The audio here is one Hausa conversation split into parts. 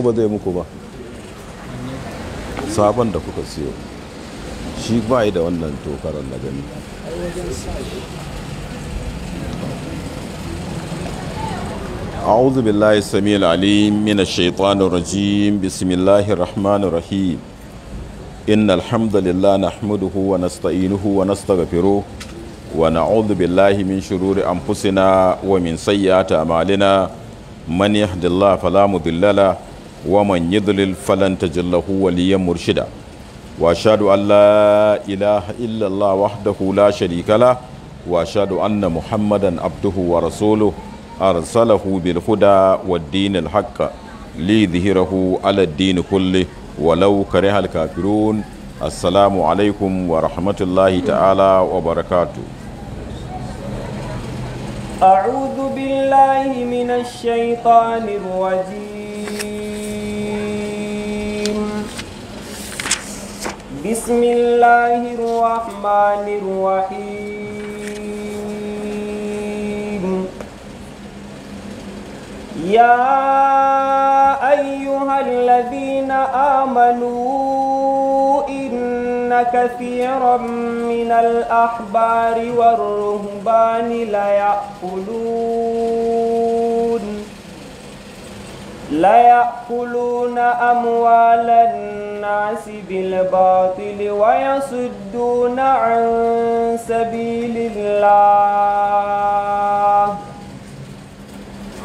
ko ba zai muku ba sabon da kuka siyo shi ba yi da wannan tokarar na gani أعوذ بالله السميع العليم من الشيطان الرجيم بسم الله الرحمن الرحيم إن الحمد لله نحمده ونستعينه ونستغفره ونعوذ بالله من شرور أنفسنا ومن سيئات أعمالنا من يهد الله فلا مضل له ومن يضلل فلن تجد له وليا مرشدا واشهد ان لا اله الا الله وحده لا شريك له واشهد ان محمدا عبده ورسوله ارسله بالهدى والدين الحق ليظهره على الدين كله ولو كره الكافرون السلام عليكم ورحمه الله تعالى وبركاته اعوذ بالله من الشيطان الرجيم بسم الله الرحمن الرحيم يا أيها الذين آمنوا إن كثيرا من الأحبار والرهبان ليأكلون لا يأكلون أموال الناس بالباطل ويصدون عن سبيل الله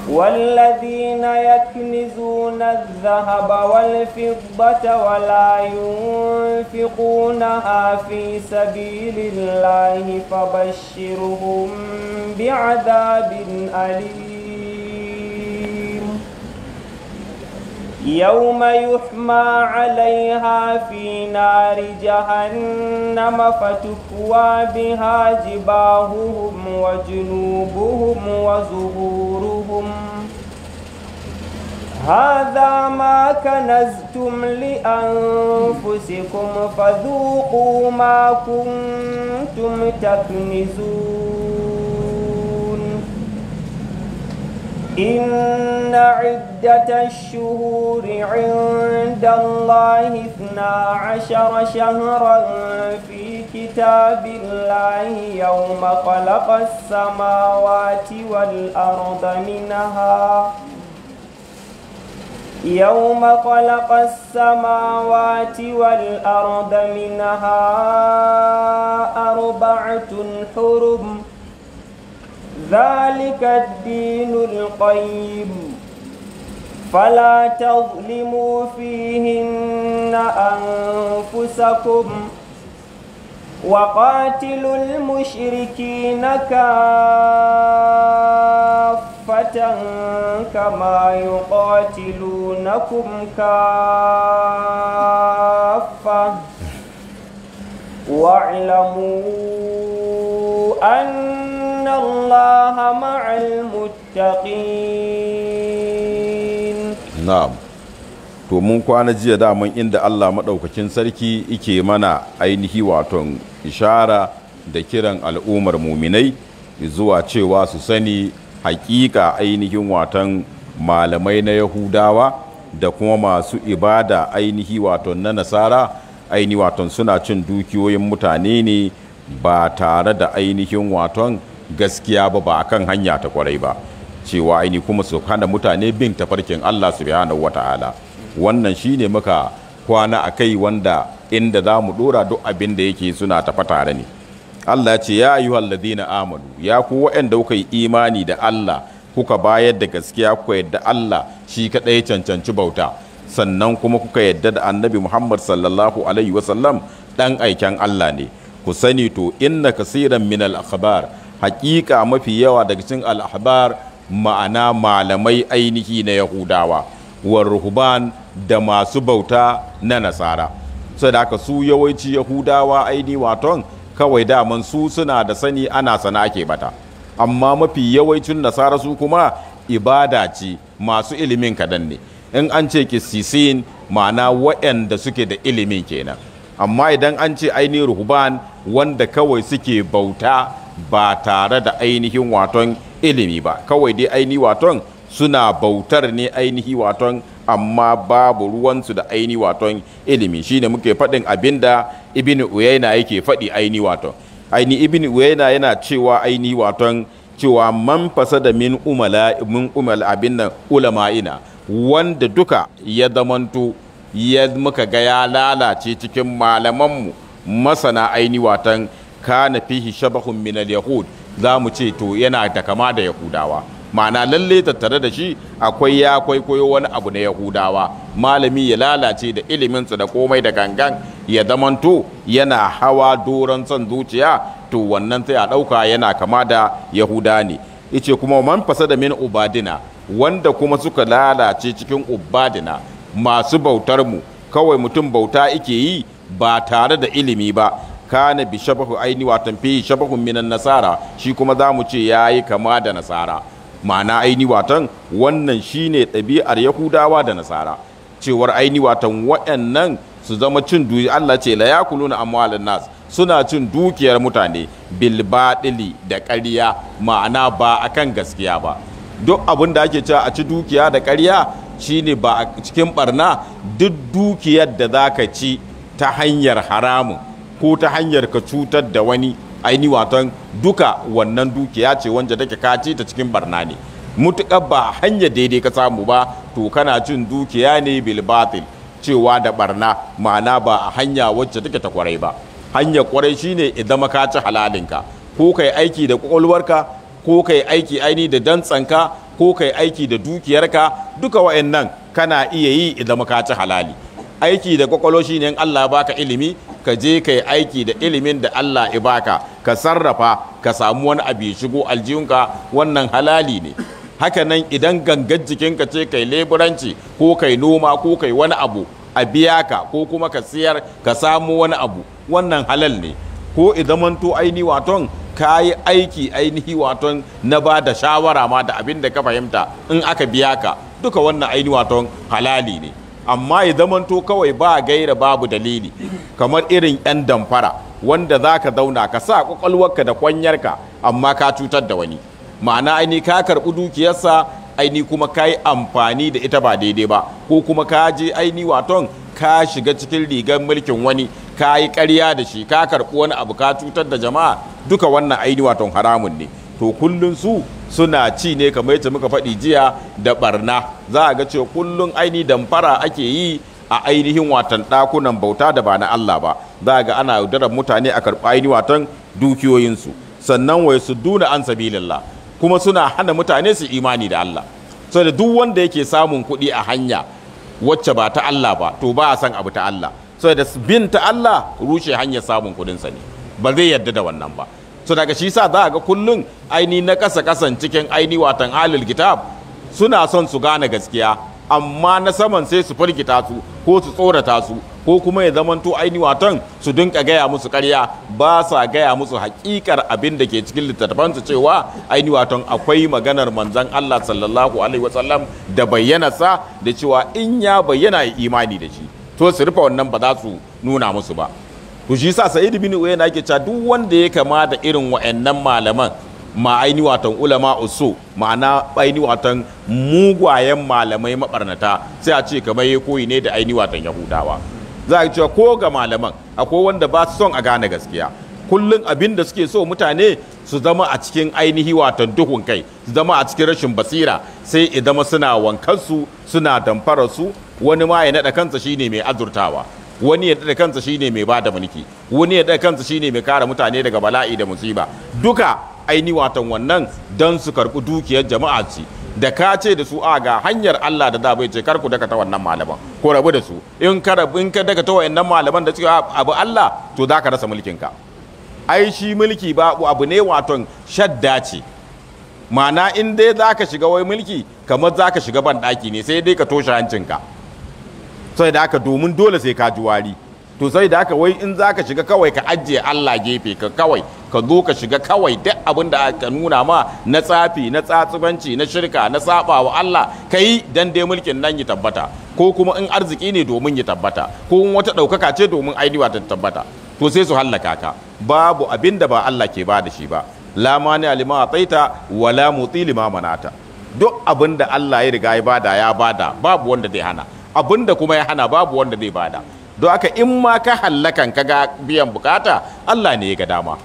والذين يكنزون الذهب والفضة ولا ينفقونها في سبيل الله فبشرهم بعذاب أليم يوم يحمى عليها في نار جهنم فتكوى بها جباههم وجنوبهم وزهورهم هذا ما كنزتم لأنفسكم فذوقوا ما كنتم تكنزون إن عدة الشهور عند الله اثنا عشر شهرا في كتاب الله يوم خلق السماوات والأرض منها يوم خلق السماوات والأرض منها أربعة حرم ذلك الدين القيم فلا تظلموا فيهن أنفسكم وقاتلوا المشركين كافة كما يقاتلونكم كافة واعلموا أن الله مع المتقين نعم to mun kwana jiya daman inda Allah maɗaukacin sarki ike mana ainihi waton ishara da kiran al'ummar muminai zuwa cewa su sani hakika ainihin watan malamai na yahudawa da kuma masu ibada ainihi waton na nasara ainihi waton suna cin dukiyoyin mutane ne ba tare da ainihin waton gaskiya ba ba akan hanya ta kwarai ba cewa aini kuma su hana mutane bin tafarkin Allah su subhanahu wata'ala wannan shine muka kwana a kai wanda inda za mu dora duk abin da yake suna tafa tare ne Allah ce ya ayyuhal na amanu ya ku waɗanda kuka yi imani da Allah kuka bayar da gaskiya kuka yadda Allah shi kaɗai cancanci bauta sannan kuma kuka yadda da annabi Muhammad sallallahu alaihi wasallam ɗan aiken Allah ne ku sani to inna kasiran minal akhbar hakika mafi yawa daga cikin al'ahbar ma'ana malamai ainihi na yahudawa war ruhuban da masu bauta na nasara da aka su yawanci yahudawa aini waton kawai daman su suna da sani ana sana ake bata amma mafi yawancin nasara su kuma ibada ce masu ilimin kadan ne in an ce kisisin ma'ana wa'yanda suke da ilimin kenan amma idan an ce ainihin ruhuban wanda kawai suke bauta ba tare da ainihin waton ilimi ba kawai dai ainihi waton suna bautar ne ainihi waton amma babu ruwansu da aini waton ilimi shine muke faɗin abinda ibn uyaina yake faɗi aini waton aini ibn uyaina yana cewa aini waton cewa man fasa da min umala min umal abin nan ina, wanda duka ya zamanto ya muka ga ya lalace cikin malamanmu masana aini watan kana fihi shabahun min al-yahud za mu ce to yana da kama da yahudawa ma'ana lalle tattare da shi akwai ya kwaikwayo wani abu na yahudawa malami ya lalace da iliminsa da komai da gangan ya zamanto yana hawa doron son zuciya to wannan sai a ɗauka yana kama da yahuda ne ice kuma man fasa da min ubadina wanda kuma suka lalace cikin ubadina masu bautar mu kawai mutum bauta ike yi ba tare da ilimi ba kana bi shabahu aini wa shabahun minan nasara shi kuma zamu ce yayi kama da nasara ma'ana aini watan wannan shine ɗabi'ar yahudawa da nasara cewar aini watan waɗannan su zama cin duki Allah ce la yakuluna amwalan nas suna cin dukiyar mutane bil da ƙarya ma'ana ba akan gaskiya ba duk abin da ake cewa a ci dukiya da ƙarya shine ba a cikin ɓarna duk dukiyar da za ka ci ta hanyar haramun ko ta hanyar ka cutar da wani aini watan duka wannan dukiya ce wanda take kace ta cikin barna ne mutukar ba hanyar daidai ka samu ba to kana cin dukiya ne bil cewa da barna ma'ana ba a hanya wacce take ta kwarai ba hanya kwarai shine idan ka ci halalinka ko kai aiki da kwakwalwarka ko kai aiki aini da dantsanka ko kai aiki da dukiyarka duka wa'annan kana iya yi idan ka ci halali aiki da kwakwalo shi ne Allah baka ilimi ka je ka yi aiki da ilimin da Allah ya baka ka sarrafa ka samu wani abu shigo aljihunka wannan halali ne Haka nan idan gangar jikinka ce kai leburanci ko kai noma ko kai wani abu a biya ka ko kuma ka siyar ka samu wani abu wannan halal ne ko idan manto aini waton ka yi aiki ainihi waton na ba da shawara ma da abin da ka fahimta in aka biya ka duka wannan aini waton halali ne amma ya zamanto kawai ba gaira babu dalili kamar irin 'yan damfara wanda za ka zauna ka sa kwakwalwarka da kwanyarka amma ka cutar da wani ma'ana aini ka karɓi dukiyarsa aini kuma ka yi amfani da ita ba daidai ba ko kuma ka je aini waton ka shiga cikin rigar mulkin wani ka yi karya da shi ka karɓi wani abu ka cutar da jama'a duka wannan aini waton haramun ne to kullum su suna ci ne kamar yadda muka faɗi jiya da barna za a ga cewa kullum aini damfara ake yi a ainihin watan ɗakunan bauta da ba na Allah ba za a ga ana yaudarar mutane a karɓi ainihin watan dukiyoyinsu sannan wai su duna an sabilillah kuma suna hana mutane su imani da Allah so da duk wanda yake samun kuɗi a hanya wacce ba ta Allah ba to ba a san abu ta Allah so da bin ta Allah rushe hanyar samun kuɗinsa ne ba zai yarda da wannan ba so daga shi sa za ga kullun aini na kasa kasan cikin aini watan alil kitab suna son su gane gaskiya amma na saman sai su firgita su ko su tsorata su ko kuma ya zamanto aini watan su dinka gaya musu karya ba sa gaya musu hakikar abin da ke cikin su cewa aini watan akwai maganar manzan Allah sallallahu alaihi wasallam da sa da cewa in ya bayyana yi imani da shi to su rufe wannan ba za su nuna musu ba to shi sa sa'id bin na yake cewa duk wanda ya kama da irin wa'annan malaman ma aini watan ulama usu ma'ana aini watan mugwayen malamai mabarnata sai a ce kamar ya koyi ne da aini watan yahudawa za a cewa ko ga malaman akwai wanda ba su son a gane gaskiya kullum abin da suke so mutane su zama a cikin ainihi watan duhun kai su zama a cikin rashin basira sai idama suna wankansu suna damfararsu wani ma ya naɗa kansa shine mai azurtawa wani ya da kansa shine mai ba da mulki wani ya da kansa shine mai kare mutane daga bala'i da musiba duka aini watan wannan don su karɓi dukiyar jama'a ce da ka ce da su a ga hanyar Allah da da bai ce kar ku daga ta wannan malaman ko rabu da su in ka rabu in daga ta wannan malaman da suke abu Allah to za ka rasa mulkin ka ai shi mulki ba abu ne waton shadda ce ma'ana in dai za ka shiga wai mulki kamar za ka shiga ban ɗaki ne sai dai ka toshe hancinka sai da haka domin dole sai ka ji wari to sai da haka wai in za ka shiga kawai ka ajiye Allah gefe ka kawai ka zo ka shiga kawai duk abin da aka nuna ma na tsafi na tsatsubanci na shirka na saba wa Allah ka yi dan dai mulkin nan ya tabbata ko kuma in arziki ne domin ya tabbata ko in wata ɗaukaka ce domin ainiwa ta tabbata to sai su hallaka ka babu abin da ba Allah ke ba da shi ba la mani alima ataita wala muti lima manata duk abin da Allah ya riga ya bada ya bada babu wanda zai hana abinda kuma ya hana babu wanda zai bada don aka in ma ka hallakan ka ga biyan bukata Allah ne ya ga dama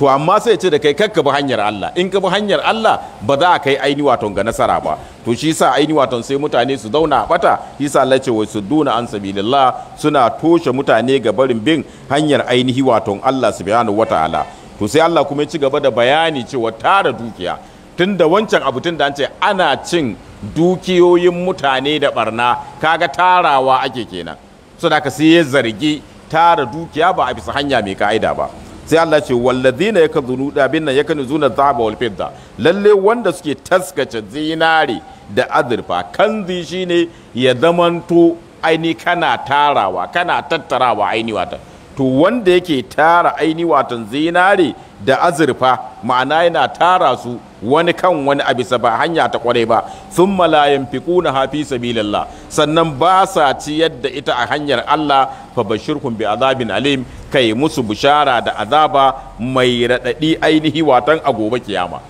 to amma sai ce da kai kakka bi hanyar Allah in ka bi hanyar Allah ba za a kai aini waton ga nasara ba to shi yasa aini waton sai mutane su zauna a bata shi yasa Allah ce wa duna an sabilillah suna toshe mutane ga barin bin hanyar ainihi waton Allah subhanahu wataala to sai Allah kuma ya ci gaba da bayani cewa tara dukiya tun da wancan abu tun da an ce ana cin dukiyoyin mutane da barna kaga tarawa ake kenan so da sai ya zargi tara dukiya ba a bisa hanya mai ka'ida ba sai Allah ce wallazina yakzunu bin nan zuna zaba wal fidda lalle wanda suke taskace zinari da azurfa kanzi shine ya zamanto aini kana tarawa kana tattarawa aini wata to wanda yake tara aini watan zinare da azurfa ma'ana yana tara su wani kan wani a bisa ba hanya ta kwarai ba sun malayan fiku na hafi sabilillah sannan ba sa ciyar da ita a hanyar Allah fa bashirkum bi azabin alim kai musu bishara da azaba mai raɗaɗi ainihi watan a gobe kiyama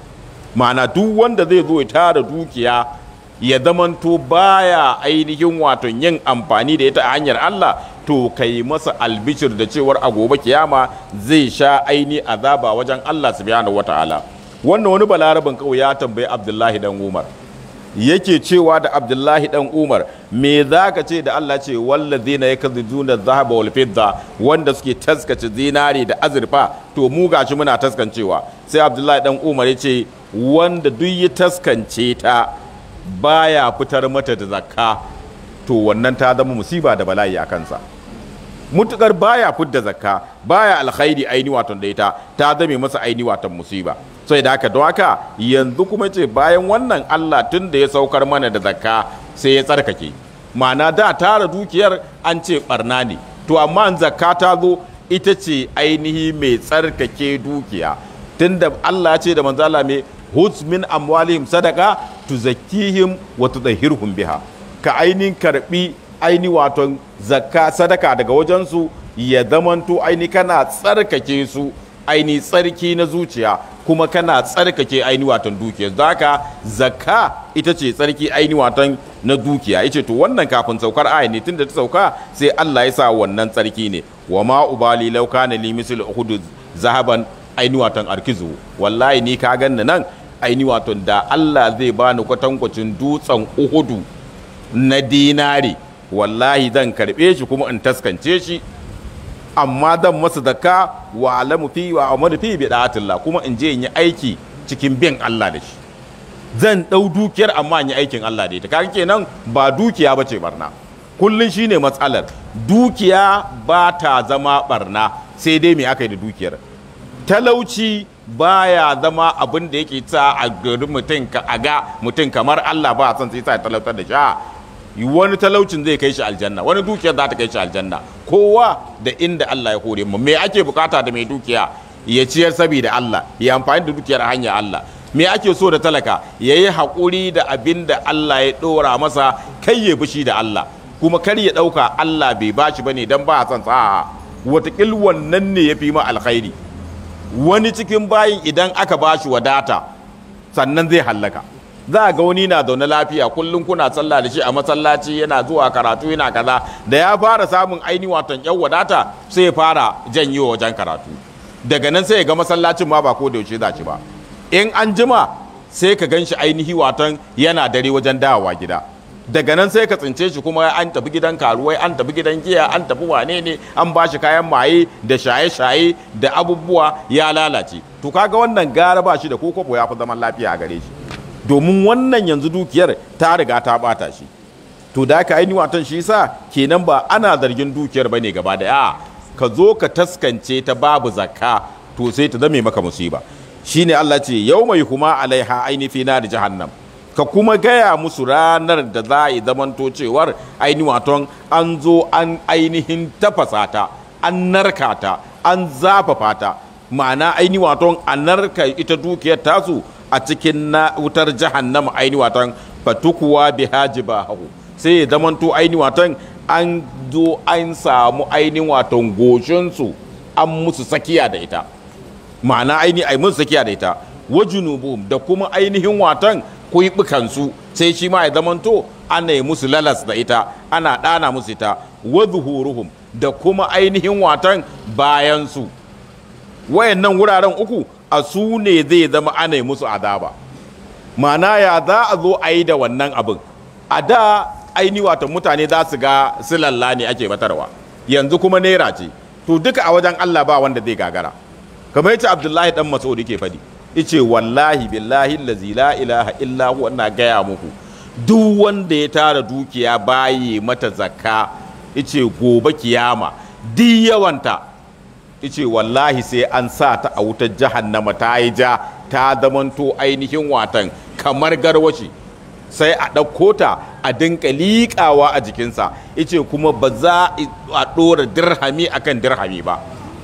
ma'ana duk wanda zai zo ya tara dukiya ya zamanto baya ainihin wato yin amfani da ita a hanyar Allah to kai masa albishir da cewar a gobe kiyama zai sha aini azaba wajen Allah wata ala. wannan wani balarabin kawai ya tambayi Abdullahi dan Umar yake cewa da Abdullahi dan Umar me zaka ce da Allah ce wallazina yakzuduna dhahaba wal fidda wanda suke taskace zinari da azurfa to mu gashi muna taskancewa sai Abdullahi dan Umar ya ce wanda duk ya taskance ta baya fitar mata da zakka to wannan ta zama musiba da bala'i a kansa mutukar baya fidda zakka baya alkhairi aini waton da ita ta zame masa aini waton musiba sai da haka don haka yanzu kuma ce bayan wannan Allah tun da ya saukar mana da zakka sai ya tsarkake ma'ana da tara dukiyar an ce barna ne to amma zakka ta zo ita ce ainihi mai tsarkake dukiya tunda Allah ce da manzala mai huz amwalihim sadaka tuzakkihim wa tudahhirhum biha ka ainihin karbi aini wato zakka sadaka daga wajensu ya zamanto aini kana tsarkake su aini tsarki na zuciya kuma kana tsarkake aini watan dukiya zaka zakka ita ce tsarki aini watan na dukiya yace to wannan kafin saukar aya ne tunda ta sauka sai Allah ya sa wannan tsarki ne wa ma ubali law kana li misl uhud zahaban aini watan arkizu wallahi ni ka ganna nan aini wato da Allah zai bani kwatankwacin dutsen uhudu na dinari wallahi zan karɓe shi kuma in taskance shi amma zan masa daka wa alamu fi wa amadu fi bi da'atillah kuma in je in yi aiki cikin bin Allah da shi zan ɗau dukiyar amma in yi aikin Allah da ita kaga kenan ba dukiya bace barna kullun shine matsalar dukiya ba ta zama barna sai dai me aka yi da dukiyar talauci baya zama abin da yake sa a gari mutum a ga mutum kamar Allah ba san sai sa talautar da shi wani talaucin zai kai shi aljanna wani dukiyar za ta kai shi aljanna kowa da inda Allah ya hore mu me ake bukata da mai dukiya ya ciyar saboda Allah ya amfani da dukiyar hanya Allah me ake so da talaka ya yi haƙuri da abin da Allah ya ɗora masa kai ya bishi da Allah kuma kar ya ɗauka Allah bai bashi ne dan ba a san sa'a wataƙil wannan ne ya fi ma alkhairi wani cikin bayin idan aka ba shi wadata sannan zai hallaka za a ga wani na zaune lafiya kullum kuna sallah da shi a masallaci yana zuwa karatu yana kaza da ya fara samun aini watan yan wadata sai ya fara janyo wajen karatu daga nan sai ya ga masallacin ma ba ko da yaushe za ci ba in an jima sai ka gan shi ainihi watan yana dare wajen dawowa gida daga nan sai ka tsince shi kuma an tafi gidan karuwai an tafi gidan giya an tafi wane ne an ba shi kayan maye da shaye-shaye da abubuwa ya lalace to kaga wannan gara ba shi da ko ya fi zaman lafiya a gare shi domin wannan yanzu dukiyar ta riga ta bata shi to da ka ainihin watan shi sa kenan ba ana zargin dukiyar bane gaba da ka zo ka taskance ta babu zakka to sai ta zame maka musiba shine Allah ce yau mai kuma alaiha ainihi na da jahannam ka kuma gaya musu ranar da za a yi zamanto cewar ainihin waton an zo an ainihin tafasa ta an narka ta an zafafa ta ma'ana ainihin waton a narka ita dukiyar tasu a cikin na wutar jahannama ainihin waton fatukuwa ba hau sai ya zamanto ainihin waton an zo an samu ainihin waton goshinsu an musu tsakiya da ita ma'ana aini ai musu sakiya da ita wa da kuma ainihin watan kuyɓukansu sai shi ma ya zamanto ana yi musu lalas da ita ana ɗana musu ita wazuhuruhu da kuma ainihin watan bayansu wayannan wuraren uku a su ne zai zama ana yi musu azaba mana ya za a zo a yi da wannan abin a da aini watan mutane za su ga silalla ne ake batarwa yanzu kuma naira ce to duka a wajen allah ba wanda zai gagara kamar yace abdullahi dan masudi ke fadi ice wallahi billahi la ilaha illa huwa ina gaya muku duk wanda ya tara dukiya baye mata zakka ce, gobe kiyama duk yawanta ice wallahi sai an sa ta a wutar jahannama ta yi ja ta zamanto ainihin watan kamar garwashi sai a ɗauko ta a dinka liƙawa a jikinsa ice kuma ba za a ɗora dirhami akan dirhami ba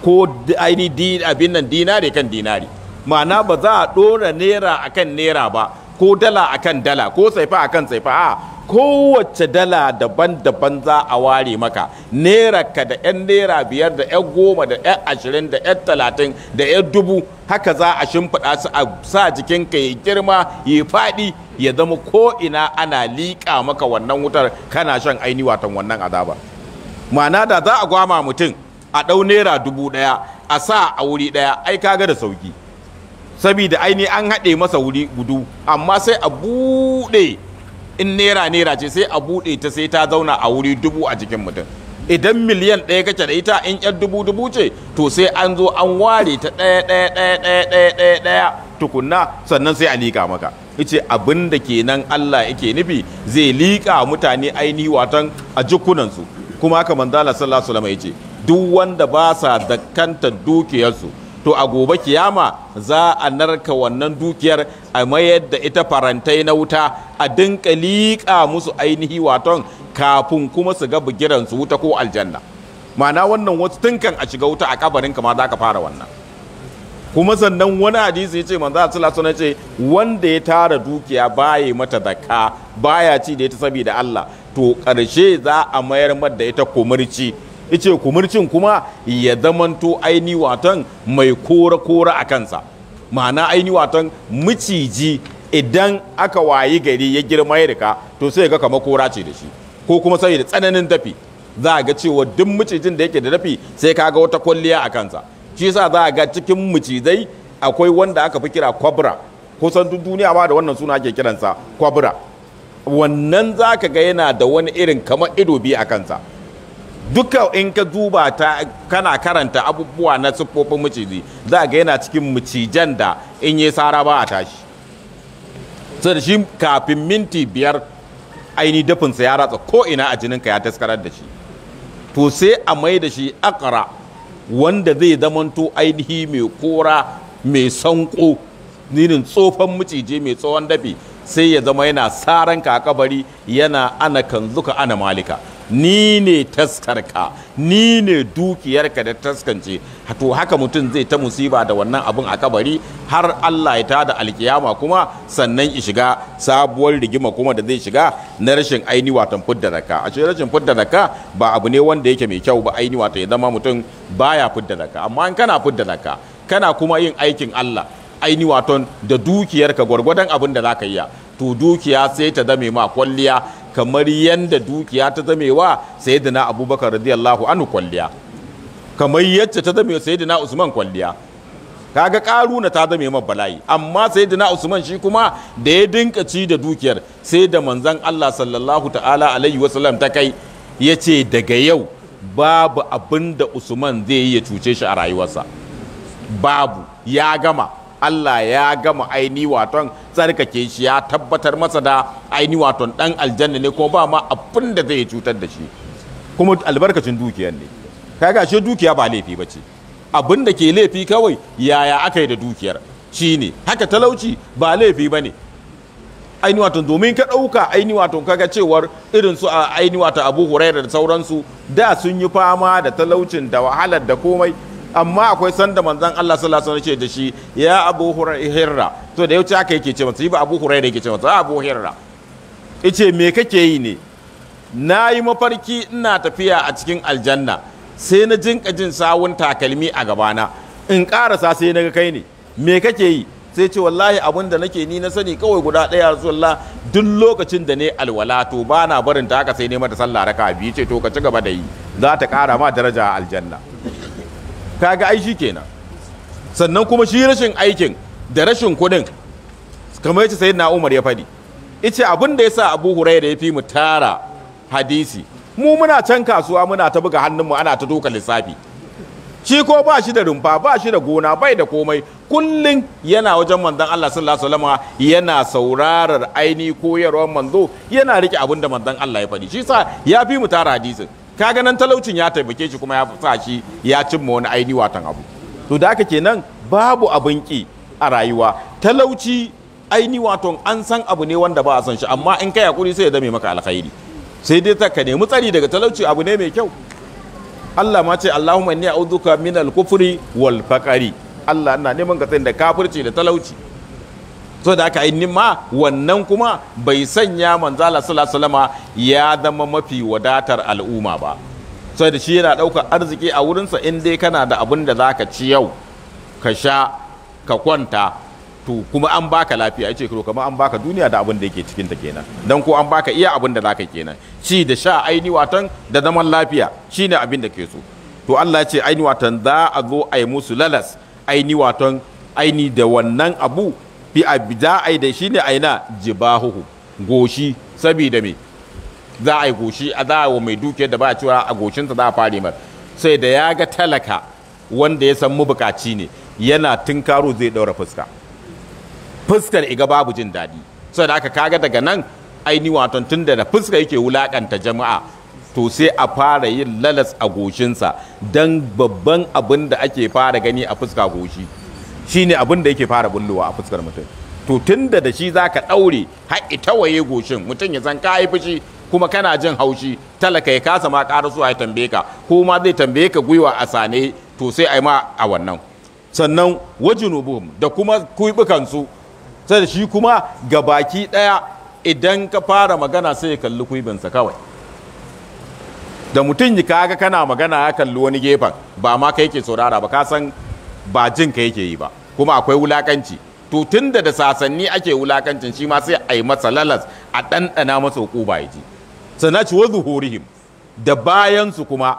ko aini abin nan dinari kan dinari ma'ana ba za a ɗora naira akan naira ba ko dala akan dala ko saifa akan saifa a kowace dala daban-daban za a ware maka naira ka da 'yan naira biyar da 'yan goma da 'yan ashirin da 'yan talatin da 'yan dubu haka za a shimfiɗa su a sa jikinka ya girma ya faɗi ya zama ko'ina ana liƙa maka wannan wutar kana shan aini watan wannan azaba ma'ana da za a gwama mutum a ɗau naira dubu ɗaya a sa a wuri ɗaya ai ka ga da sauki saboda aini an haɗe masa wuri gudu amma sai a buɗe in nera nera ce sai a buɗe ta sai ta zauna a wuri dubu a jikin mutum idan miliyan ɗaya kake da ita in yan dubu dubu ce to sai an zo an ware ta ɗaya ɗaya ɗaya ɗaya ɗaya ɗaya ɗaya tukunna sannan sai a liƙa maka ice abin da kenan Allah yake nufi zai liƙa mutane aini watan a jikunansu kuma haka manzala sallallahu alaihi wasallam yace duk wanda ba sa dakkanta dukiyarsu to a gobe kiyama za a narka wannan dukiyar a mayar da ita farantai na wuta a dinka liƙa musu ainihi waton kafin kuma su ga bugiran su wuta ko aljanna ma'ana wannan wasu tunkan a shiga wuta a kabarin kama za ka fara wannan kuma sannan wani hadisi ya ce manzo Allah sallallahu ce wanda ya tara dukiya baya mata zakka baya ci da ita saboda Allah to ƙarshe za a mayar mata da ita kumurci ice kumurcin kuma ya zamanto aini watan mai kora-kora a kansa ma'ana aini watan miciji idan aka wayi gari ya girma ya rika to sai ga kama kora ce da shi ko kuma sai da tsananin dafi za a ga cewa duk micijin da yake da dafi sai ka ga wata kwalliya a kansa shi yasa za a ga cikin micizai akwai wanda aka fi kira kwabra kusan duk duniya ba da wannan suna ake kiransa kwabra wannan za ka ga yana da wani irin kamar ido biyu a kansa duka in ka duba ta kana karanta abubuwa na siffofin maciji za ga yana cikin macijan da in yi sara ba a tashi sai da shi kafin minti biyar aini dafinsa ya ratsa ko ina a jininka ya taskarar da shi to sai a mai da shi akara wanda zai zamanto ainihi mai kora mai sanko ninin tsofan macije mai tsohon dafi sai ya zama yana saran kakabari yana ana kanzuka ana malika ni ne taskarka ni ne dukiyarka da taskance to haka mutum zai ta musiba da wannan abin a kabari har Allah ya tada alkiyama kuma sannan ya shiga sabuwar rigima kuma da zai shiga na rashin aini watan fudda daka a ce rashin fudda daka ba abu ne wanda yake mai kyau ba aini watan ya zama mutum baya fudda daka amma in kana fudda daka kana kuma yin aikin Allah aini waton da dukiyarka gwargwadon abin da zaka yi to dukiya sai ta zame ma kwalliya kamar yadda dukiya ta zamewa sayyidina abubakar radiyallahu anhu kwalliya kamar yadda ta zame sayyidina usman kwalliya kaga karuna ta zame ma bala'i amma sayyidina usman shi kuma da ya dinka ci da dukiyar sai da manzon Allah sallallahu ta'ala alaihi wasallam ta kai ya ce daga yau babu abin da usman zai yi ya cuce shi a rayuwarsa babu ya gama Allah ya gama aini waton tsarkake shi ya tabbatar masa da aini waton dan aljanna ne kuma ba ma abin da zai cutar da shi kuma albarkacin dukiyar ne kaga shi dukiya ba laifi ba ce abin da ke laifi kawai yaya aka yi da dukiyar Shi ne haka talauci ba laifi ba ne aini waton domin ka ɗauka aini waton kaga cewar irin su a aini wata abu hurairar da sauransu da sun yi fama da talaucin da wahalar da komai amma akwai sanda manzon Allah sallallahu alaihi wasallam da shi ya Abu Hurairah to da yauci aka yake ce masa yi ba Abu Hurairah yake ce masa Abu Hurairah yace me kake yi ne nayi mafarki ina tafiya a cikin aljanna sai na jinka jin sawun takalmi a gabana in karasa sai na ga kai ne me kake yi sai ce wallahi abin da nake ni na sani kawai guda ɗaya rasulullah duk lokacin da ne alwala to bana barin ta haka sai ne mata sallah raka biyu ce to ka ci gaba da yi za ta ƙara ma daraja aljanna kaga ai shi kenan sannan kuma shi rashin aikin da rashin kuɗin kamar yace sayyidina Umar ya faɗi ice abin da yasa Abu Hurairah ya fi mu tara hadisi mu muna can kasuwa muna ta buga hannunmu ana ta doka lissafi shi ko ba shi da rumfa ba shi da gona bai da komai kullum yana wajen manzon Allah sallallahu alaihi wasallam yana saurarar aini koyarwar manzo yana rike abin da manzon Allah ya fadi shi sa ya fi mu tara hadisin kaga nan talaucin ya taimake shi kuma ya sa shi ya cimma wani aini watan abu to da haka kenan babu abin ki a rayuwa talauci aini waton an san abu ne wanda ba a san shi amma in kai hakuri sai ya zame maka alkhairi sai dai ka nemi tsari daga talauci abu ne mai kyau Allah ma ce Allahumma inni a'udhuka min al-kufri wal faqari Allah ina neman ka da kafirci da talauci so da aka yi ma wannan kuma bai sanya manzala salama ya zama mafi wadatar al'umma ba so da shi yana ɗaukar arziki a wurinsa in dai kana da abin da zaka ci yau ka sha ka kwanta to kuma an baka lafiya ce kiro kamar an baka duniya da abin da yake cikin ta kenan dan ko an baka iya abin da zaka kenan ci da sha aini watan da zaman lafiya shine abin da ke so to Allah ce aini watan za a zo ai musu lalas aini watan aini da wannan abu bi za a yi da shi ne a yi aina jibahuhu goshi sabida me za a yi goshi a za a wa mai dukiya da ba a cewa a goshinsa za a fare mar sai da ya ga talaka wanda ya san mabukaci ne yana tunkaro zai daura fuska fuskar iga babu jin daɗi sai da aka kaga daga nan aini waton tun da fuska yake wulakanta jama'a to sai a fara yin lalas a goshinsa don babban abin da ake fara gani a fuska goshi Shi ne abin da yake fara bulluwa a fuskar mutum to tun da shi zaka ɗaure har ita waye goshin mutum ya san ka yi fushi kuma kana jin haushi talaka ya kasa ma ƙara su a tambaye ka ko ma zai tambaye ka gwiwa a sane to sai a yi ma a wannan sannan wajinubuhum da kuma kuibukansu sai shi kuma ga baki ɗaya idan ka fara magana sai ya kalli kuibinsa kawai da mutum ya kaga kana magana ya kalli wani gefen ba ma kai ke saurara ba ka san ba jin ka yake yi ba kuma akwai wulakanci to tunda da sasanni ake wulakancin shi ma sai a yi masa lalas a ɗanɗana masa hukuma ya ji sannan ci wazu horihim da bayansu kuma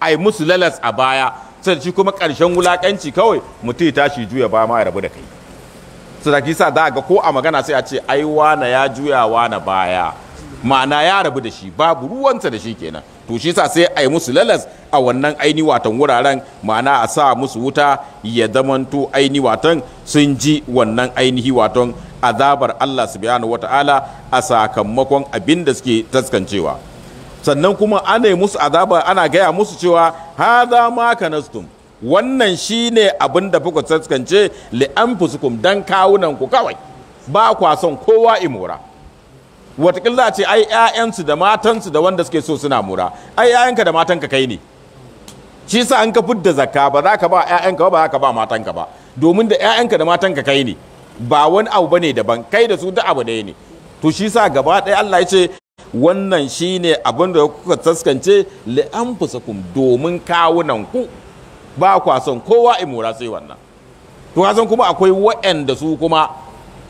a yi musu lalas a baya sai shi kuma ƙarshen wulakanci kawai mutum ya tashi juya ba ma ya rabu da kai sadaki sa za a ga ko a magana sai a ce ai wana ya juya wana baya ma'ana ya rabu da shi babu ruwansa da shi kenan to shi sa sai a yi musu lalas a wannan aini watan wuraren ma'ana a sa musu wuta ya zamanto aini watan sun ji wannan ainihi watan azabar Allah subhanahu wata'ala a sakamakon abin da suke taskancewa sannan kuma ana yi musu azabar ana gaya musu cewa haza ma kanastum wannan shi ne abin da kuka taskance li'an anfusukum don kawunan ku kawai ba kwa son kowa imora watakila za ce ai ƴaƴansu da matansu da wanda suke so suna mura ai ƴaƴanka da matanka kai ne shi sa an ka fidda zakka ba za ka ba ƴaƴanka ba ba za ka ba matanka ba domin da 'ya'yanka da matanka kai ne ba wani abu bane daban kai da su duk abu ɗaya ne to shi sa gaba ɗaya Allah ya ce wannan shine abin da kuka taskance li anfusakum domin kawunan ku ba kwa son kowa imura sai wannan to kuma akwai wa'anda su kuma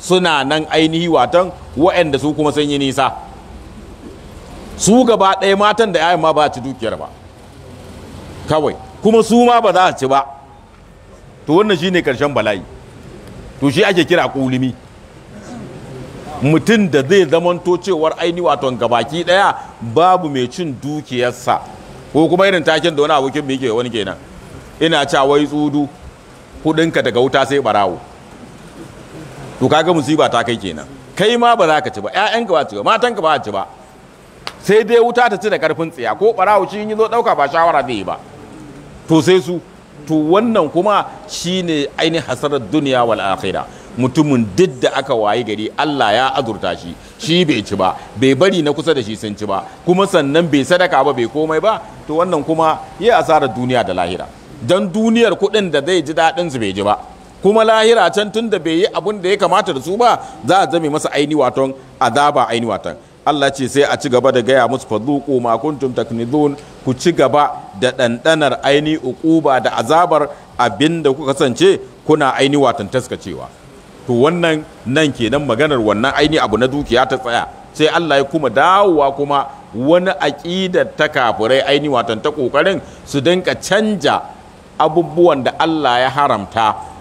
suna nan ainihi watan wa'anda su kuma sun yi nisa su gaba ɗaya matan da yayan ma ba ci dukiyar ba kawai kuma su ma ba za a ci ba to wannan shine karshen bala'i to shi ake kira kulimi mutum da zai zamanto cewar watan waton gabaki ɗaya babu mai cin dukiyarsa ko kuma irin takin da wani abokin mai ke wani kenan ina cewa wai tsudu kudinka daga wuta sai barawo to kaga musiba ta kai kenan kai ma ba za ka ci ba ka ba ci ba matanka ba ci ba sai dai wuta ta ci da karfin tsiya ko barawo shi yi zo ɗauka ba shawara bai yi ba to sai su to wannan kuma shine ainihin hasarar duniya wal akhira mutumin duk da aka wayi gari Allah ya azurta shi shi bai ci ba bai bari na kusa da shi sun ci ba kuma sannan bai sadaka ba bai komai ba to wannan kuma yi asarar duniya da lahira dan duniyar kuɗin da zai ji daɗin su bai ji ba kuma lahira can tun da bai yi abun da ya kamata da su ba za a zame masa aini waton azaba aini waton Allah ce sai a ci gaba da gaya musu fadhuqu ma kuntum taknizun ku ci gaba da ɗanɗanar aini ba da azabar abin da kuka kasance kuna aini watan taskacewa to wannan nan kenan maganar wannan aini abu na dukiya ta tsaya sai Allah ya kuma dawowa kuma wani aƙidar ta kafirai aini watan ta ƙoƙarin su dinka canja abubuwan da Allah ya haramta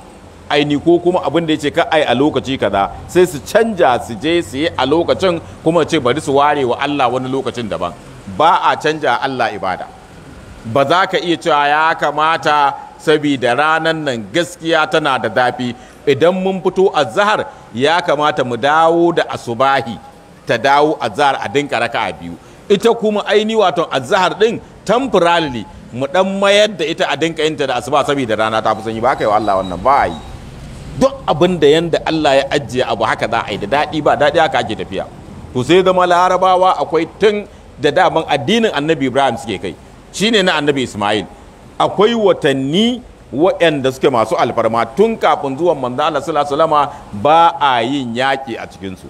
aini ko kuma abin da ya ce ka ai a lokaci kaza sai su canja su je su yi a lokacin kuma ce bari su ware wa Allah wani lokacin daban ba a canja Allah ibada ba za ka iya cewa ya kamata saboda ranan nan gaskiya tana da zafi idan mun fito a zahar ya kamata mu dawo da asubahi ta dawo a zahar a dinka raka a biyu ita kuma aini wato azahar din temporarily mu dan mayar da ita a dinka yinta da asuba saboda rana ta fi sanyi ba kai wa Allah wannan ba yi duk abin da yanda Allah ya ajiye abu haka za a yi da daɗi ba daɗi haka ake tafiya ku sai zama larabawa akwai tun da daman addinin annabi ibrahim suke kai shine na annabi ismail akwai watanni waɗanda suke masu alfarma tun kafin zuwan manzo Allah sallallahu ba a yin yaƙi a cikinsu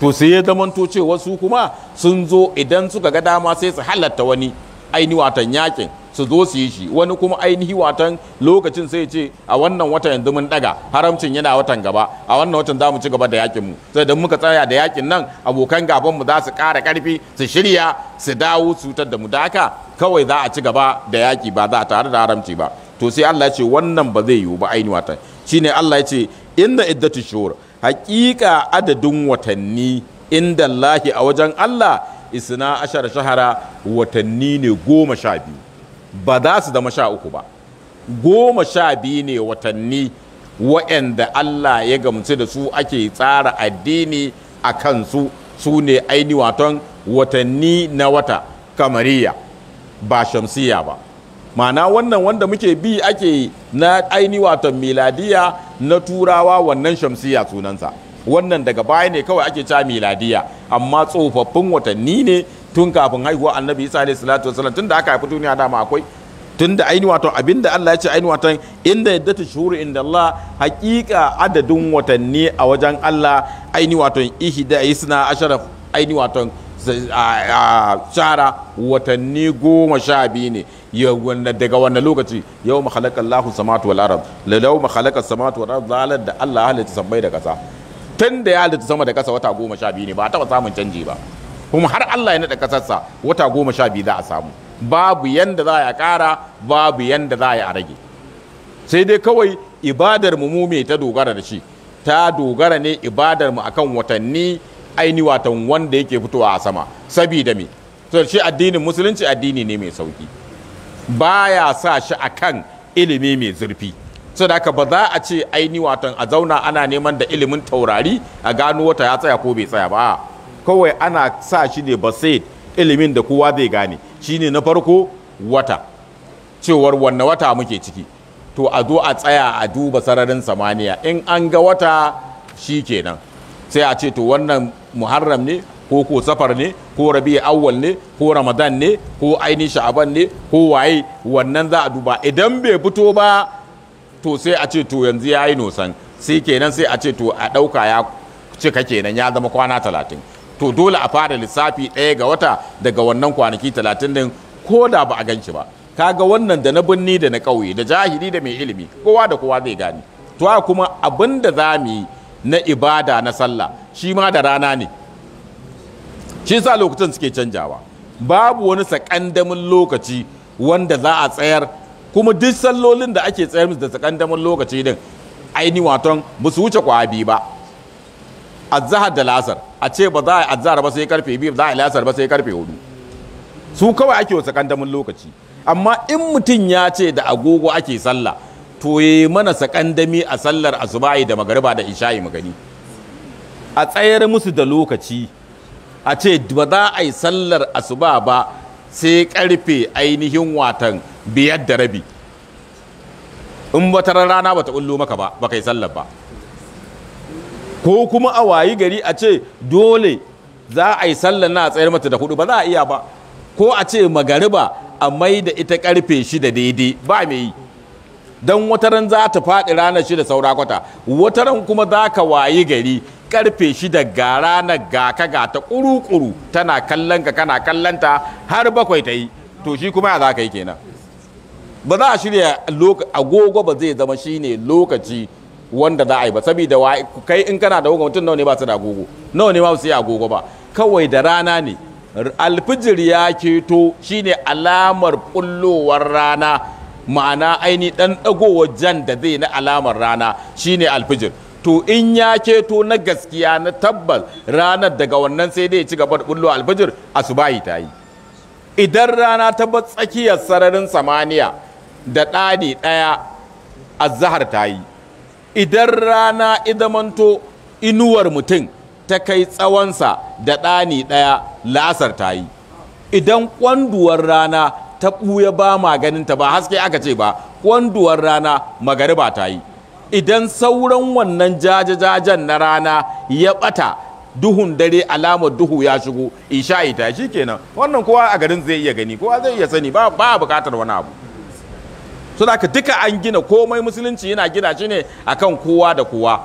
to sai ya zamanto cewa su kuma sun zo idan suka ga dama sai su halatta wani ainihin watan yaƙin su zo su yi shi wani kuma ainihi watan lokacin sai ce a wannan watan yanzu mun daga haramcin yana watan gaba a wannan watan za mu ci gaba da yakin mu sai dan muka tsaya da yakin nan abokan gaban mu za su ƙara ƙarfi su shirya su dawo su cutar da mu da haka kawai za a ci gaba da yaki ba za a tare da haramci ba to sai Allah ya ce wannan ba zai yiwu ba ainihi watan shine Allah ya ce inna iddatu shuhur haƙiƙa adadin watanni inda Allah a wajen Allah isna ashara shahara watanni ne goma sha biyu ba za su zama sha uku ba goma sha biyu ne watanni wa'anda Allah ya gamsu da su ake tsara addini a kansu su ne aini waton watanni na wata kamariya ba shamsiya ba mana wannan wanda muke bi ake na aini waton miladiya na turawa wannan shamsiya sunansa wannan daga baya ne kawai ake ca miladiya amma tsofaffin watanni ne tun kafin haihuwa annabi isa alaihi salatu wasallam tun da aka haifi duniya dama akwai tun da aini wato abinda Allah ya ce aini wato inda yadda ta shuru inda Allah hakika adadin watanni a wajen Allah aini wato ihda isna asharaf aini wato shara watanni goma sha biyu ne daga wannan lokaci yau mahalaka Allahu samatu wal arab lalau mahalaka samatu wal arab zalar da Allah halitta sabai da kasa tun da ya halitta sama da kasa wata goma sha biyu ne ba a taba samun canji ba kuma har Allah ya naɗa ƙasarsa wata goma sha biyu za a samu babu yanda za a ƙara babu yanda za a rage sai dai kawai ibadar mu mu me ta dogara da shi ta dogara ne ibadar mu akan watanni aini watan wanda yake fitowa a sama sabida me to shi addinin musulunci addini ne mai sauki baya sa shi akan ilimi mai zurfi haka ba za a ce aini watan a zauna ana neman da ilimin taurari a gano wata ya tsaya ko bai tsaya ba kawai ana sa shi ne ba sai ilimin da kowa zai gane shine na farko wata cewar wanne wata muke ciki to a zo a tsaya a duba sararin samaniya in an ga wata shi kenan sai a ce to wannan muharram ne ko ko safar ne ko rabi awwal ne ko ramadan ne ko ainihin sha'aban ne ko waye wannan za a duba idan bai fito ba to sai a ce to yanzu ya yi nosan sai kenan sai a ce to a ɗauka ya cika kenan ya zama kwana talatin to dole a fara lissafi ɗaya ga wata daga wannan kwanaki talatin din ko da ba a gan shi ba kaga wannan da na binni da na ƙauye da jahili da mai ilimi kowa da kowa zai gane to kuma abin da za mu yi na ibada na sallah shi ma da rana ne shi sa lokacin suke canjawa babu wani sakandamin lokaci wanda za a tsayar kuma duk sallolin da ake tsayar musu da sakandamin lokaci din aini waton ba su wuce kwabi ba zahar da lasar a ce ba za a azhar ba sai karfe biyu za a lasar ba sai karfe hudu su kawai ake wasu kandamin lokaci amma in mutum ya ce da agogo ake sallah to ya mana sakandami a sallar asuba'i da magariba da isha'i Magani. a tsayar musu da lokaci a ce ba za a yi sallar asuba ba sai karfe ainihin watan biyar da rabi in wata rana ba ta ullo maka ba baka yi sallar ba ko kuma a wayi gari a ce dole za a yi sallar na tsayar mata da hudu ba za a iya ba ko a ce magariba a mai da ita karfe shida daidai ba mai yi don wataran za ta faɗi ranar shida saura kwata wataran kuma za ka wayi gari karfe shida ga ranar ga ka ga ta kuru-kuru tana kallon ka kana kallon ta har bakwai ta yi to shi kuma ya za ka yi kenan ba za a shirya agogo ba zai zama shine lokaci wanda za a yi ba saboda kai in kana da mutum nawa ne ba su da agogo nawa ne ba su yi agogo ba kawai da rana ne alfijir ya keto shine alamar kullowar rana ma'ana aini dan dagowar jan da zai na alamar rana shine alfijir to in ya keto na gaskiya na tabbas ranar daga wannan sai dai ci gaba da bullo alfijir asubahi ta yi idan rana ta tsakiyar sararin samaniya da ɗani ɗaya azahar ta yi idan rana idamanto inuwar mutum ta kai tsawonsa da ɗani ɗaya la'asar ta yi idan ƙwanduwar rana ta ɓuya ba ta, ba haske aka ce ba ƙwanduwar rana magariba ta yi idan sauran wannan jajajajen na rana ya ɓata duhun dare alamar duhu ya shigo isha'i ta shi kenan wannan kowa a garin zai iya gani kowa zai iya sani ba bukatar wani abu suna ka duka an gina komai musulunci yana gina shi ne akan kowa da kowa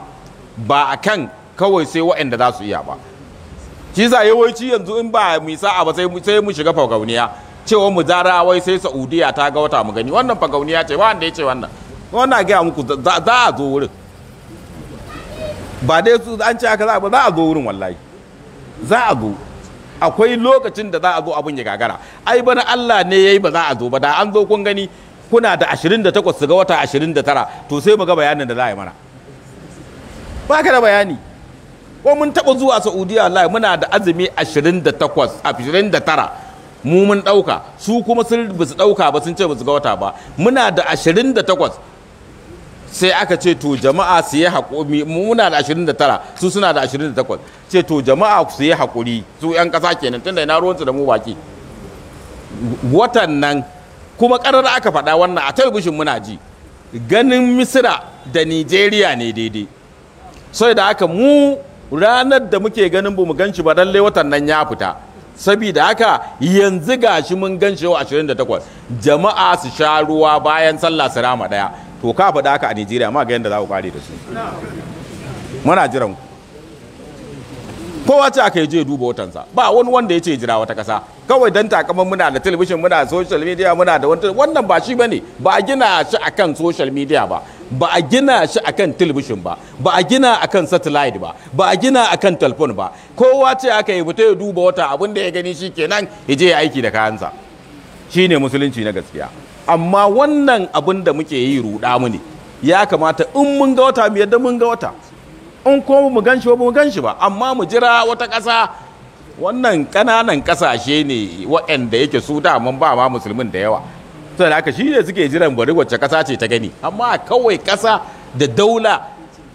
ba akan kawai sai waɗanda za su iya ba shi za yawanci yanzu in ba mu sa'a ba sai mu shiga fagauniya cewa mu zara wai sai saudiya ta ga wata mu gani wannan fagauniya ce wanda ya ce wannan wannan ga muku za a zo wurin ba dai an ce aka za za a zo wurin wallahi za a zo akwai lokacin da za a zo abin ya gagara ai bana Allah ne yayi ba za a zo ba da an zo kun gani kuna da 28 su ga wata 29 to sai mu ga bayanin da za a yi mana ba ka da bayani ko mun taɓa zuwa saudiya wallahi muna da azumi 28 29 mu mun ɗauka su kuma sun ba su ɗauka ba sun ce ba su ga wata ba muna da 28 sai aka ce to jama'a su yi haƙuri muna da 29 su suna da 28 ce to jama'a su yi haƙuri su 'yan ƙasa kenan tunda ina ruwansu da mu baki watan nan kuma karar aka faɗa wannan a talbishin muna ji ganin misira da nigeria ne daidai sai da haka mu ranar da muke ganin bamu gan shi ba lalle watan nan ya fita sabida haka yanzu gashi mun gan shi yau 28 jama'a su sha ruwa bayan sallah su rama daya to ka faɗa haka a nigeria ma ga yadda za ku kare da su muna jiran kowa ce aka yi je duba watansa ba wani wanda ya ce jira wata kasa kawai don takama muna da talabishin muna da social media muna da wani wannan ba shi bane ba a gina shi akan social media ba ba a gina shi akan talabishin ba ba a gina akan satellite ba ba a gina akan telephone ba kowa ce aka yi fita ya duba wata abin da ya gani shi nan ya je ya aiki da kayansa Shi ne musulunci na gaskiya amma wannan abin da muke yi ruɗa mu ne ya kamata in mun ga wata mu yadda mun ga wata in kuma mu gan shi ba mu gan ba amma mu jira wata ƙasa wannan kananan kasashe ne waɗanda yake su daman ba ma musulmin da yawa to da haka shine suke jiran bari wacce kasa ce ta gani amma kawai kasa da daula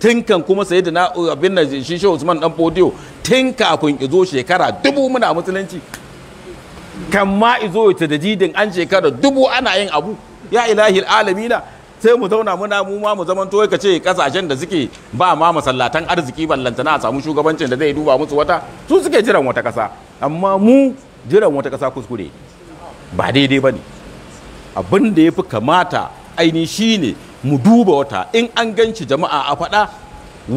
tinkan kuma sai da na uh, abin da shi shi usman dan fodiyo tun kafin izo shekara dubu muna musulunci kan ma izo ta da jidin an shekara dubu ana yin abu ya ilahi alamina sai mu zauna muna mu ma mu zaman to ka ce kasashen da suke ba ma masallatan arziki ballantana a samu shugabancin da zai duba musu wata su suke jiran wata kasa amma mu jiran wata kasa kuskure ba daidai ba ne abin da ya fi kamata aini ne mu duba wata in an ganci jama'a a faɗa